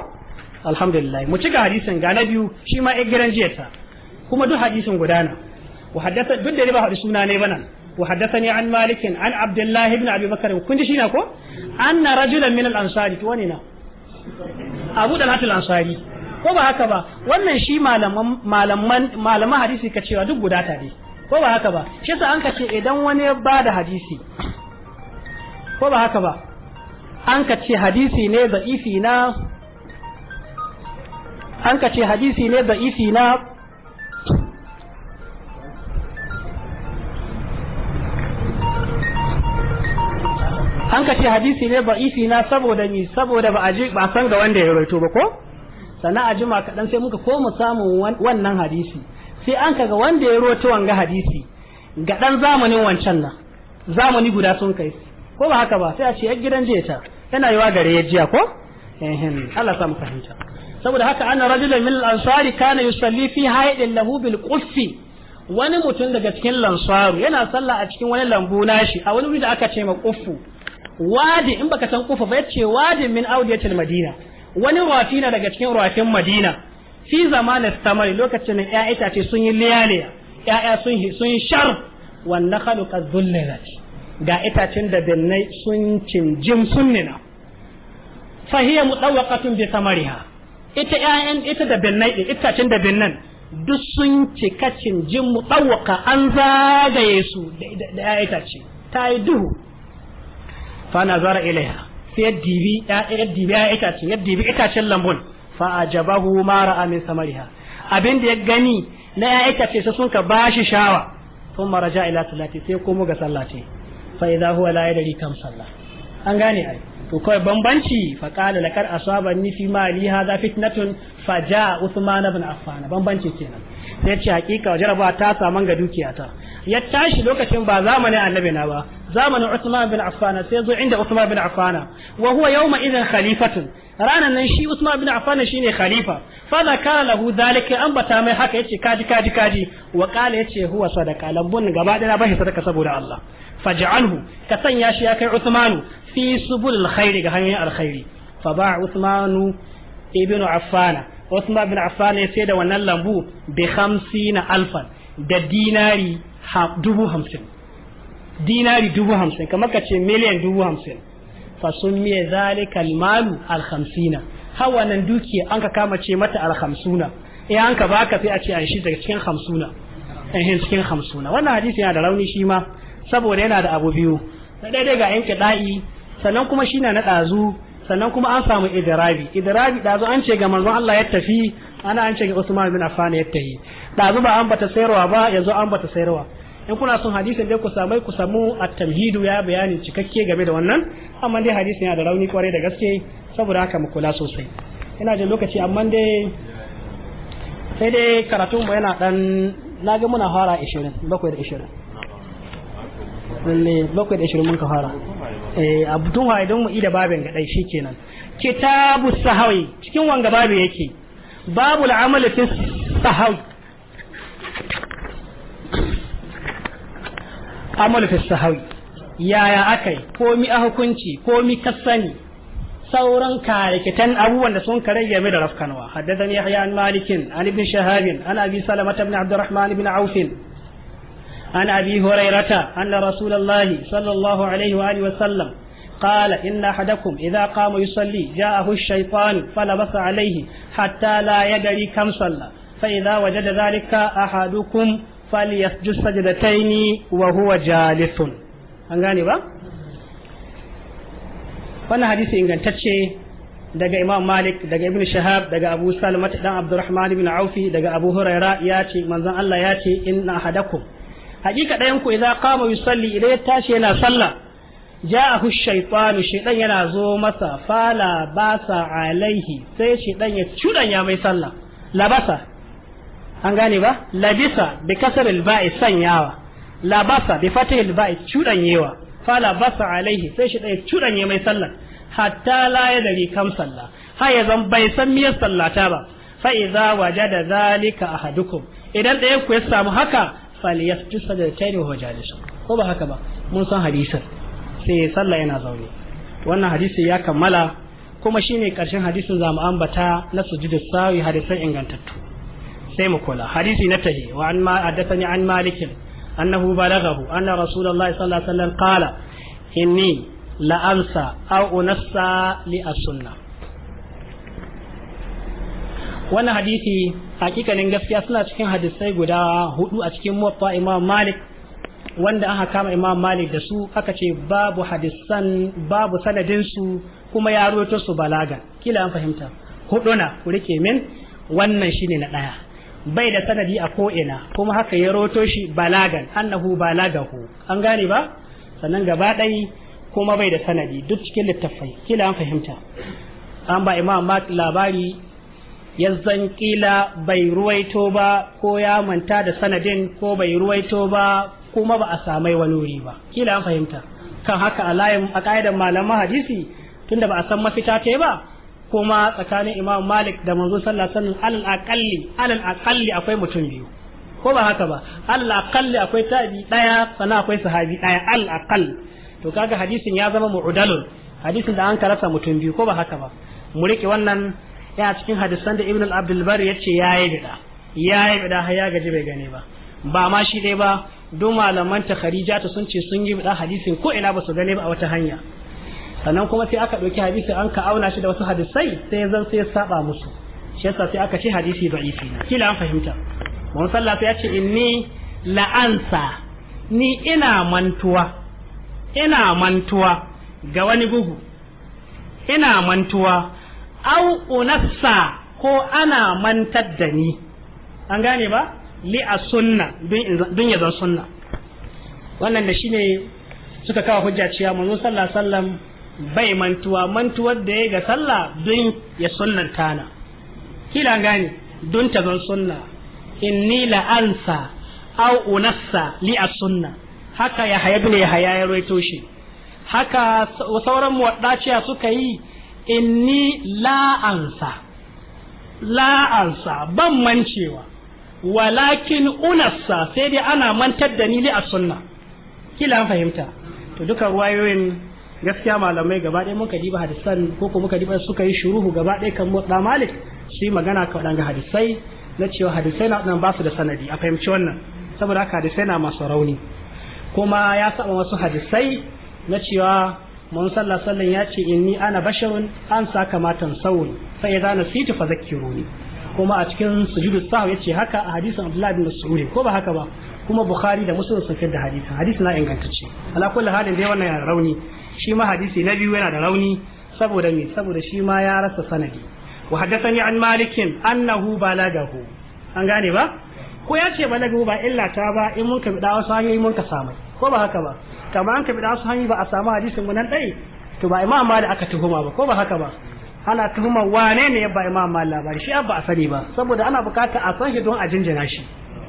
alhamdulillah mu cika hadisin ga na biyu shi ma ɗan gidan jiyarta kuma duk hadisin gudana wa haddasa duk da ba haɗu suna ne banan wa haddathani an malikin an abdullah ibn abi bakr kun ji shi na ko anna rajulan min al ansari to wani na abu talha al ansari ko ba haka ba wannan shi malaman malaman malaman hadisi ka cewa duk gudata ne ko ba haka ba shi sa an ka ce idan wani ya bada hadisi ko ba haka ba an ka ce hadisi ne da ifi na an ka ce hadisi ne da ifi na an ka ce hadisi ne ba ifi na saboda ni saboda ba a ji ba san ga wanda ya rawaito ba ko sana a jima kaɗan sai muka koma samun wannan hadisi sai an ka ga wanda ya rawaito wanga hadisi ga ɗan zamanin wancan nan zamani guda sun kai ko ba haka ba sai a ce yan gidan jiya ta yana yiwa gare ya jiya ko ehem Allah sa mu fahimta saboda haka anna rajulan min al-ansari kana yusalli fi haidin lahu bil quffi wani mutum daga cikin lansaru yana sallah a cikin wani lambu nashi a wani wuri da aka ce ma kuffu. wadi in baka san kufa ba yace wadi min audiyatil madina wani rafi na daga cikin rafin madina fi zamanin samari lokacin ya itace sun yi liyaliya ya'ya sun yi sun shar wannan khaluqa dhullalat ga itacen da binnai sun cinjim sunnina nina fahiya mudawaqatun bi samariha ita ƴaƴan ita da binnai din itacen da binnan duk sun cika cinjin mutawaka an zagaye su da ya itace ta yi duhu fa nazara ilaiha sai dibi ya dibi ya itace ya dibi itacen lambun fa ajabahu ma ra'a min samariha abin da ya gani na ya itace sai sun ka bashi shawa sun maraja ila salati sai komo ga sallati fa idza huwa la yadri an gane ai to kai bambanci fa qala lakar asabani fi ma li hadha fitnatun fa jaa uthman ibn affan bambanci kenan sai ce hakika jaraba ta saman ga dukiyata ya tashi lokacin ba zamanin annabi na ba zamanin Uthman bin Affan sai zo inda Uthman bin Affan wa huwa yawma idan khalifatun ranan nan shi Uthman bin Affan shine khalifa fa zakara lahu zalika an bata mai haka yace kaji kaji kaji wa qala yace huwa sadaka lambun gaba da na sadaka saboda Allah faj'alhu ka sanya shi ya kai Uthmanu fi subulil khairi ga hanyoyin alkhairi fa ba Uthmanu ibn Affana Uthman ibn Affana ya sai da wannan lambu bi 50 alfan da dinari dubu hamsin dinari dubu hamsin kamar ka ce miliyan dubu hamsin fa sun miye zalika almalu alhamsina hawa nan dukiya an ka kama ce mata alhamsuna e eh, an ka baka sai a ce an shi daga cikin hamsuna in eh, cikin hamsuna wannan hadisi yana da rauni shi ma saboda yana da abu biyu na daidai ga yanke da'i sannan kuma shi na na ɗazu sannan kuma an samu idirabi idirabi ɗazu an ce ga manzon Allah ya tafi ana an ce ga Usman bin Affan ya tafi ɗazu ba an bata sayarwa ba yanzu an bata sayarwa in kuna son hadisin dai ku samai ku samu at-tamhidu ya bayani cikakke game da wannan amma dai hadisin yana da rauni kwarai da gaske saboda haka mu kula sosai ina jin lokaci amma dai sai dai karatun mu yana dan na ga muna fara 20 bakwai da 20 lalle bakwai da shirin muka fara eh abu tun hawa idan mu ida babin ga dai shikenan kitabu sahawi cikin wanga babu yake babul amali fi sahawi amali fi sahawi yaya akai ko mi a hukunci ko mi kasani sauran karikitan abubuwan da sun kare game da rafkanwa haddathani yahya an malikin an ibn shahab an abi salama ibn abdurrahman ibn auf عن أبي هريرة أن رسول الله صلى الله عليه وآله وسلم قال إن أحدكم إذا قام يصلي جاءه الشيطان فلبس عليه حتى لا يدري كم صلى فإذا وجد ذلك أحدكم فليسجد سجدتين وهو جالس أنغاني با wannan hadisi ingantacce daga imam malik daga ibn shahab daga abu salmat dan abdurrahman ibn aufi daga abu huraira ya ce manzon allah ya ce inna ahadakum hakika ɗayan ku idza qama yusalli idan ya tashi yana sallah ja'ahu shaytanu shaytan yana zo masa fala basa alaihi sai shaytan ya ya mai sallah labasa an gane ba labisa bi kasar ba'i sanyawa labasa bi fatih ba'i yewa fala basa alaihi sai shi cudan ya mai sallah hatta la ya dari kam sallah har ya zan bai san miyar sallata ba fa idza wajada zalika ahadukum idan ɗayan ku ya samu haka falyasjud sajdatayni wa jalis ko ba haka ba mun san hadisin sai sallah yana zaune wannan hadisi ya kammala kuma shine karshen hadisin zamu ambata na sujudus sawi hadisan ingantattu sai mu kula hadisi na tahi wa an ma haddathani an malikin annahu balaghahu anna rasulullahi sallallahu alaihi wasallam qala inni la amsa aw unassa li as-sunnah wannan hadisi hakikanin gaskiya suna cikin hadisai guda hudu a cikin muwaffa imam malik wanda aka kama imam malik da su aka ce babu hadisan babu sanadin su kuma ya roto su balaga kila an fahimta na ku rike min wannan shine na daya bai da sanadi a ko ina kuma haka ya roto shi balagan annahu balagahu an gane ba sannan gaba dai kuma bai da sanadi duk cikin littafai kila an fahimta an ba imam malik labari Ya zan ƙila bai ruwaito ba ko ya manta da sanadin ko bai ruwaito ba kuma ba a samai wani wuri ba kila an fahimta kan haka a layin a ƙa'idar malaman hadisi tunda ba a san mafita ta ba kuma tsakanin imam malik da manzo sallah alaihi alal akwai mutum biyu ko ba haka ba alal akwai tabi ɗaya sannan akwai sahabi ɗaya alal aqall to kaga hadisin ya zama mu'udalun hadisin da an karasa mutum biyu ko ba haka ba mu rike wannan ya cikin hadisan da ibn al-abdul bar yace yayi bida yi bida har ya gaji bai gane ba ba ma shi dai ba duk malaman ta ta sun ce sun yi bida hadisin ko ina ba su gane ba a wata hanya sannan kuma sai aka ɗauki hadisi an ka auna shi da wasu hadisai sai ya zan sai ya saba musu shi yasa sai aka ce hadisi da'ifi na kila an fahimta mun sallah sai ya ce inni la'ansa ni ina mantuwa ina mantuwa ga wani bugu ina mantuwa au unassa ko ana mantar da ni an gane ba li a sunna dun ya zan sunna wannan da shi ne suka kawo hujja cewa manzo sallallahu alaihi wasallam bai mantuwa mantuwar da ya ga sallah dun ya sunnan tana kila an gane dun ta zan sunna inni la ansa au unassa li a sunna haka ya haya bin ya haya ya roito shi haka sauran muwaddaciya suka yi inni la'ansa la'ansa ban mancewa walakin unassa sai dai ana mantar da ni a sunna kila fahimta to duka ruwayoyin gaskiya malamai gaba ɗaya muka diba hadisan ko kuma muka diba suka yi shuruhu gaba ɗaya kan da malik su magana ka waɗanga hadisai na cewa hadisai na waɗannan ba su da sanadi a fahimci wannan saboda haka hadisai na masu rauni kuma ya saba wasu hadisai na cewa mun sallah sallan ya ce inni ana basharun an sa kamatan sawun fa idza nasitu zakkiruni kuma a cikin sujudu sahwi yace haka a hadisin Abdullah bin Mas'ud ko ba haka ba kuma Bukhari da Muslim sun da hadisin hadisi na ingantacce ala kulli halin dai wannan rauni shi ma hadisi na biyu yana da rauni saboda me saboda shi ma ya rasa sanadi wa haddathani an malikin annahu balagahu an gane ba ko ya ce balagahu ba illa ta ba in mun ka bi da wasu hanyoyi mun ka samai ko ba haka ba kamar an ka bida su ba a samu hadisin nan ɗaya? to ba imam malik aka tuhuma ba ko ba haka ba ana tuhuma wane ne ya ba imam malik labari shi ba a sani ba saboda ana bukata a san shi don a jinjina shi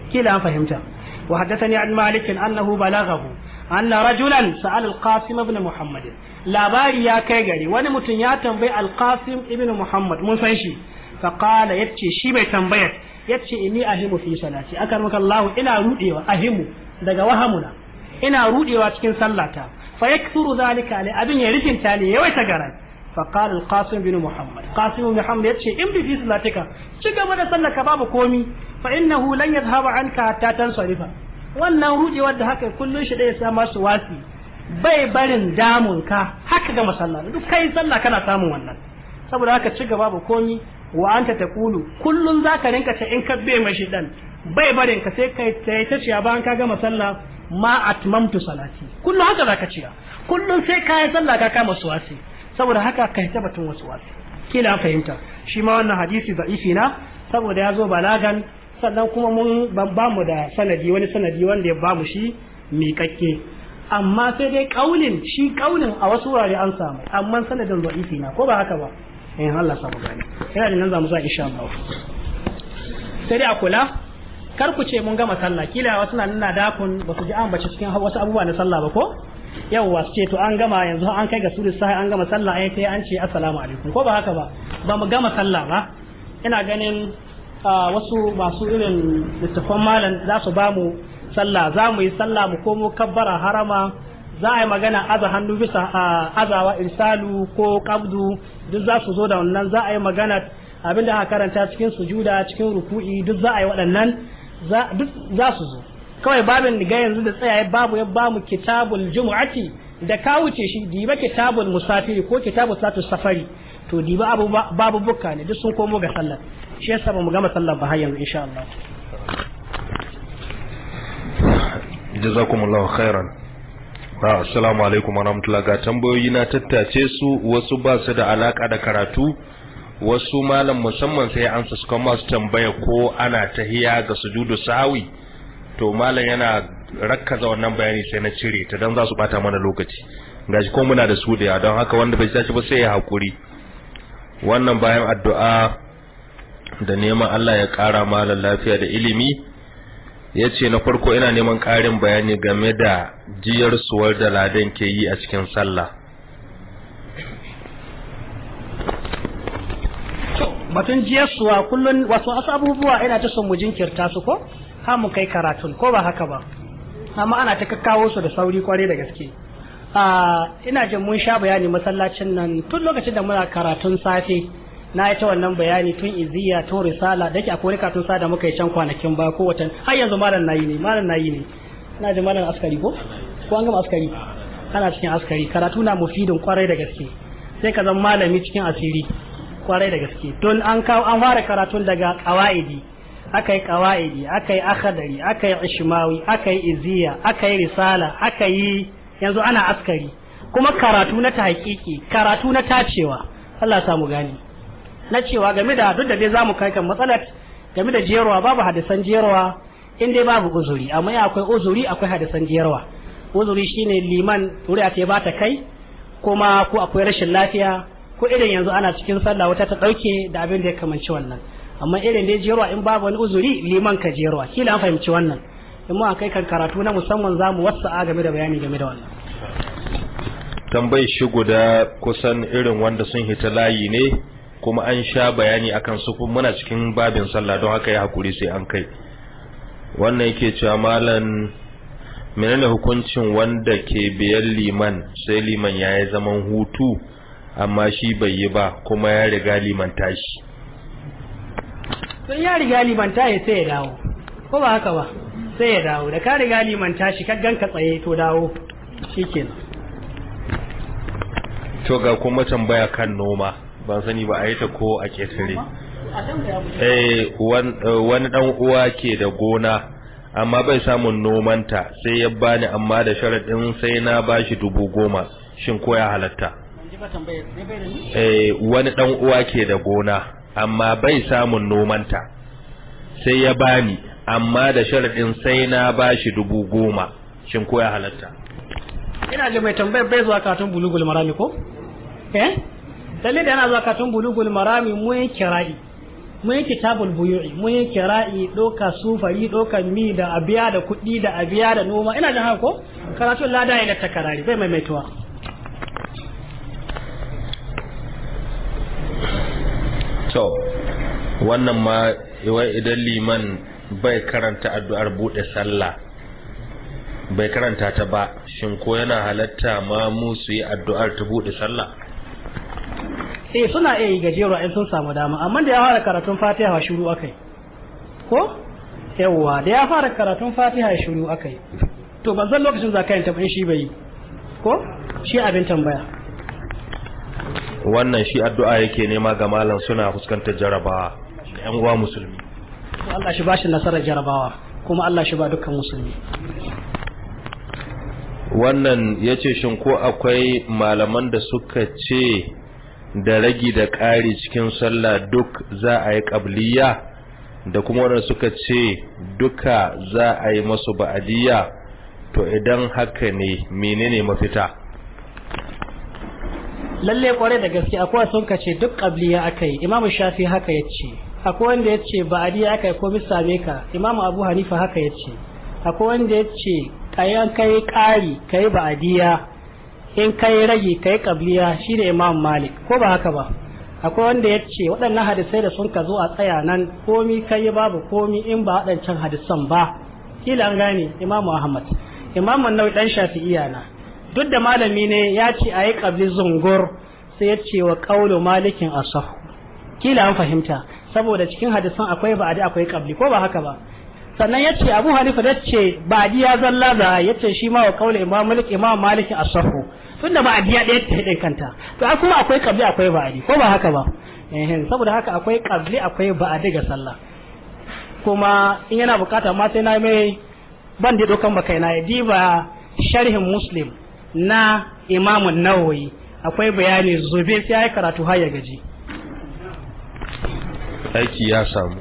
kila an fahimta wa haddathani an malik annahu balaghahu anna rajulan sa'al al-qasim ibn muhammad labari ya kai gari wani mutum ya tambayi al-qasim ibn muhammad mun san shi fa qala yace shi bai tambayar yace inni ahimu fi salati akar maka Allah ina rudewa ahimu daga wahamuna ina ruɗewa cikin sallata fa yakthuru zalika alai abin ya rikin tali yawai ta garan fa qala al-qasim bin muhammad qasim bin muhammad yace in bi fi sallatika ci gaba da sallaka babu komi fa innahu lan yadhhaba anka hatta tansarifa wannan ruɗewa da haka kullun shi da ya sa masu wasi bai barin damun ka haka ga masalla duk kai sallah kana samun wannan saboda haka ci gaba ba komi wa anta taqulu kullun zaka rinka ta in kabbe mai shi dan bai barin ka sai kai sai ta ciya bayan ka gama sallah ma atmamtu salati kullum haka zaka ciya kullum sai kayan sallah ka kama su wasi saboda haka ka yi batun wasu wasi kila fahimta shi ma wannan hadisi za'ifi na saboda ya zo balagan sannan kuma mun ba mu da sanadi wani sanadi wanda ya ba mu shi miƙaƙƙe amma sai dai kaulin shi kaulin a wasu wurare an samu amma sanadin za'ifi na ko ba haka ba in eh, Allah samu gani Yana da nan za mu sa insha Allah sai dai a kula kar ku ce mun gama sallah kila wasu nan nuna dakun ba su ji an bace cikin wasu abubuwa na sallah ba ko yawwa su ce to an gama yanzu an kai ga suri sai an gama sallah ai sai an ce assalamu alaikum ko ba haka ba ba mu gama sallah ba ina ganin wasu masu irin littafan malam za su ba mu sallah za mu yi sallah mu komo kabbara harama za a yi magana aza hannu bisa azawa irsalu ko kabdu duk za su zo da wannan za a yi magana abinda aka karanta cikin sujuda cikin ruku'i duk za a yi waɗannan duk za su zo kawai babin ga yanzu da tsayaye babu ya bamu kitabul jumu'ati da ka wuce shi diba kitabul musafiri ko kitabul satu safari to diba abu babu bukka ne duk sun komo ga sallar shi yasa ba mu gama sallar ba har yanzu insha Allah jazakumullahu khairan wa ah, assalamu alaikum wa rahmatullahi ga tambayoyi na tattace su wasu ba su da alaka da karatu wasu malam musamman sai an suka masu tambaya ko ana tahiya ga sujudu sahawi to malam yana rakkaza wannan bayani sai na cire ta dan za su bata mana lokaci gashi ko muna da su da don haka wanda bai tashi ba sai ya hakuri wannan bayan addu'a da neman Allah ya kara malam lafiya da ilimi ya ce na farko ina neman ƙarin bayani game da jiyar suwar da ladan ke yi a cikin sallah batun jiyarsuwa kullum wasu wasu abubuwa ina ta son mu jinkirta su ko ha mu kai karatun ko ba haka ba amma ana ta kakkawo su da sauri kwarai da gaske ah, ina jin mun sha bayani masallacin nan tun lokacin da muna karatun safe na yi ta wannan bayani tun iziya tun risala da ke akwai karatun katun Sada muka yi can kwanakin ba ko watan har yanzu malam yi ne malam yi ne ina jin malam askari ko ko an gama askari ana cikin askari karatu na mufidin kwarai da gaske sai ka zama malami cikin asiri kwarai da gaske tun an kawo an fara karatun daga qawaidi akai qawaidi akai akhdari akai ishmawi akai iziya akai risala akai yanzu ana askari kuma karatu na tahqiqi karatu na tacewa Allah ya samu gani na cewa game da duk da dai zamu kai kan matsalar game da jerowa babu hadisan jerowa in dai babu uzuri amma ya akwai uzuri akwai hadisan jerowa uzuri shine liman wuri a ce ba ta kai kuma ko akwai rashin lafiya ko irin yanzu ana cikin sallah wata ta dauke da abin da ya kamanci wannan amma irin dai jerwa in babu wani uzuri liman ka jerwa kila an fahimci wannan in mu kai kan karatu na musamman zamu wasa a game da bayani game da wannan tambayi shi guda kusan irin wanda sun hita layi ne kuma an sha bayani akan kuma muna cikin babin sallah don haka ya hakuri sai an kai wannan yake cewa malam menene hukuncin wanda ke biyan liman sai liman yayi zaman hutu amma shi bai yi ba kuma ya riga limanta shi Sun ya riga limanta ya sai ya dawo ko ba haka ba sai ya dawo da ka riga limanta shi kaggan ka tsaye to dawo ke to ga kuma tambaya kan noma ban sani ba a yi ta ko a ketare eh, eh wani dan uwa ke da gona amma bai samun nomanta sai ya bani amma da sharaɗin sai na ba shi dubu goma shin ko ya halatta Eh, wani dan uwa ke da gona amma bai samun nomanta sai ya bani amma da sharadin sai na bashi dubu goma shin ko ya halatta ina ji mai tambayar bai zuwa katon bulugul marami ko eh lalle da yana zuwa katon bulugul marami mu yi kira'i mu yi kitabul buyu'i mu yi kira'i doka sufari doka mi da abiya da kuɗi da abiya da noma ina jin haka ko karatun lada ya da takarari bai maimaituwa to wannan ma idan liman bai karanta addu'ar buɗe sallah bai karanta ta ba shin ko yana halatta ma mu su yi addu'ar ta buɗe sallah eh suna iya yi gajeru in sun samu dama amma da ya fara karatun fatiha aka akai ko yawwa da ya fara karatun fatiha aka akai to ban san lokacin zakayin ta in shi bai ko shi abin tambaya wannan shi addu'a yake nema ga malam suna fuskantar jarabawa yan uwa musulmi Allah shi bashi nasarar jarabawa kuma Allah shi ba dukkan musulmi wannan yace shin ko akwai malaman da suka ce da ragi da ƙari cikin sallah duk za a yi ƙabliya da kuma waɗanda suka ce duka za a yi masu ba'adiyya to idan haka ne menene mafita lalle kware da gaske akwai sun kace duk qabliya yi imamu shafi haka yace akwai wanda yace aka yi ko misame ka imam abu hanifa haka yace akwai wanda yace kayan kai kari kai ba'diya in kai rage kai qabliya shine imam malik ko ba haka ba akwai wanda ya ce waɗannan hadisai da sun ka zo a tsaya nan komi kai babu komi in ba waɗancan hadisan ba kila an gane imamu ahmad imamu nau'i ɗan dan shafi'iya na duk da malami ne ya ce a yi ƙabli zungur sai ya ce wa ƙaunar malikin asahu kila an fahimta saboda cikin hadisan akwai ba'adi akwai ƙabli ko ba haka ba sannan ya ce abu hanifa da ce ba'adi ya zalla za ya ce shi ma wa ƙaunar imam malik imam malikin asahu da ba'adi ya ɗaya ta hidin kanta to kuma akwai ƙabli akwai ba'adi ko ba haka ba saboda haka akwai ƙabli akwai ba'adi ga sallah kuma in yana bukata ma sai na mai ban da dokan na ya diba sharhin muslim na imamun nawawi akwai bayani zobe sai ya karatu har ya gaji aiki ya samu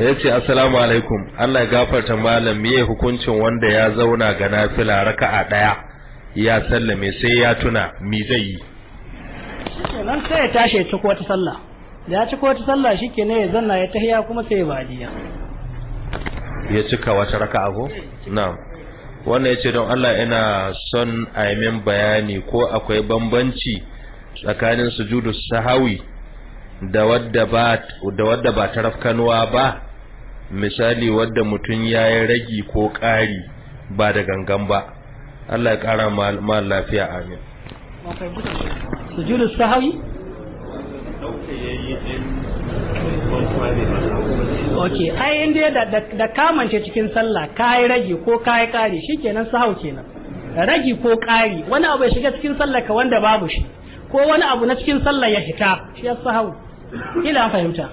ya ce assalamu alaikum Allah gafarta malam miye hukuncin wanda ya zauna ga nafila raka'a daya ya sallame sai ya tuna mi zai yi nan sai ya tashi ya ciko wata sallah da ya ciko wata sallah ne ya zanna ya tahiya kuma sai ya badiya ya cika wata raka'a ko eh, na'am wannan yace don Allah ina son a min bayani ko akwai bambanci tsakanin sujudu sahawi da wadda ba da wadda ba tarafkanwa ba misali wadda mutun yi ragi ko ƙari ba da gangan ba Allah ya ƙara mal lafiya amin sujudu sahawi dauke yayi in ok ai inda da da kamance cikin sallah yi ragi ko kai kari shikenan sahau kenan ragi ko kari wani abu ya shiga cikin sallah ka wanda babu shi ko wani abu na cikin sallah ya fita shi ya sahau ila fahimta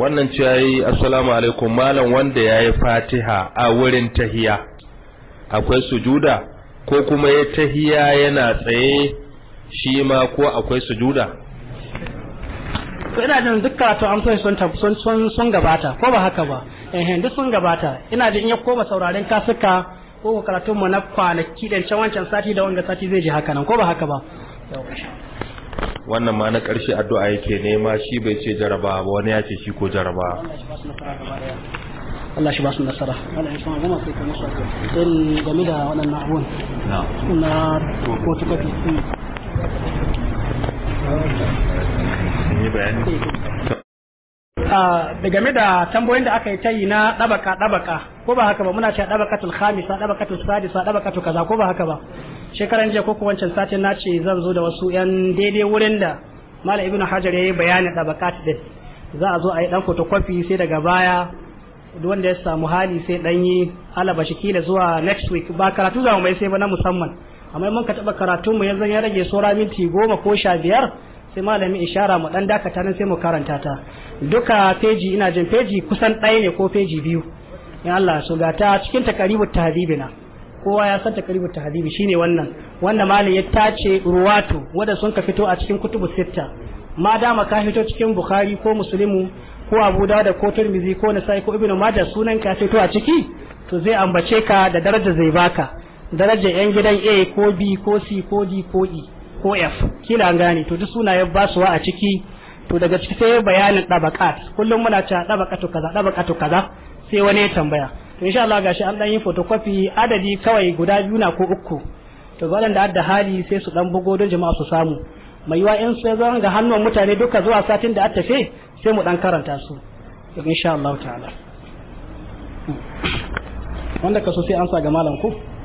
wannan ce yayi assalamu alaikum malam wanda yayi fatiha a wurin tahiya akwai sujuda ko kuma ya tahiya yana tsaye shi ma ko akwai sujuda ko ina jin duk karatu amsoyi sun tafi sun gabata ko ba haka ba eh duk sun gabata ina jin ya koma sauraren kasuka ko karatun mu na kwanaki dan can wancan sati da wanga sati zai je haka nan ko ba haka ba wannan ma na karshe addu'a yake nema shi bai ce jaraba ba wani ya ce shi ko jaraba Allah shi ba su nasara Allah ya sama gama sai ka musu in game da wannan na'abun na ko tuka yi bayani ah, da game da tambayoyin da aka yi tayi na dabaka dabaka ko ba haka ba muna cewa dabakatul khamisa dabakatul sadisa dabakatul kaza ko ba haka ba shekaran jiya ko ko wancan satin na ce zan zo da wasu yan daidai wurin da malam ibnu hajar yayi bayanin ɗabaka din za a zo a yi dan photocopy sai daga baya duk wanda ya samu hali sai dan yi alaba shi kila zuwa next week ba karatu za mu mai sai ba na musamman amma mun ka taba karatu mu yanzu ya rage sora minti goma ko sha biyar sai malamin ishara mu dan dakata nan sai mu karanta ta duka peji ina jin peji kusan ɗaya ne ko peji biyu in Allah so ga ta cikin takaribut tahdibina kowa ya san takaribut tahdibi shine wannan wanda malam ya tace ruwatu wanda sun ka fito a cikin kutubu sitta ma dama ka fito cikin bukhari ko muslimu ko abu da ko tirmizi ko nasai ko ibnu majah sunan ka fito a ciki to zai ambace ka da daraja zai baka darajar yan gidan a ko b ko c ko d ko e ko f kila gani gane to duk sunayen basuwa a ciki to daga ciki sai bayanin dabaqat kullum muna cewa dabaqatu kaza dabaqatu kaza sai wani ya tambaya to insha Allah gashi an dan yi photocopy adadi kawai guda biyu na ko uku to waɗanda adda hali sai su dan bugo don jama'a su samu mai yiwa in sai zan ga hannun mutane duka zuwa satin da attafe sai mu dan karanta su insha Allah ta'ala wanda kaso sai an sa ga malam ku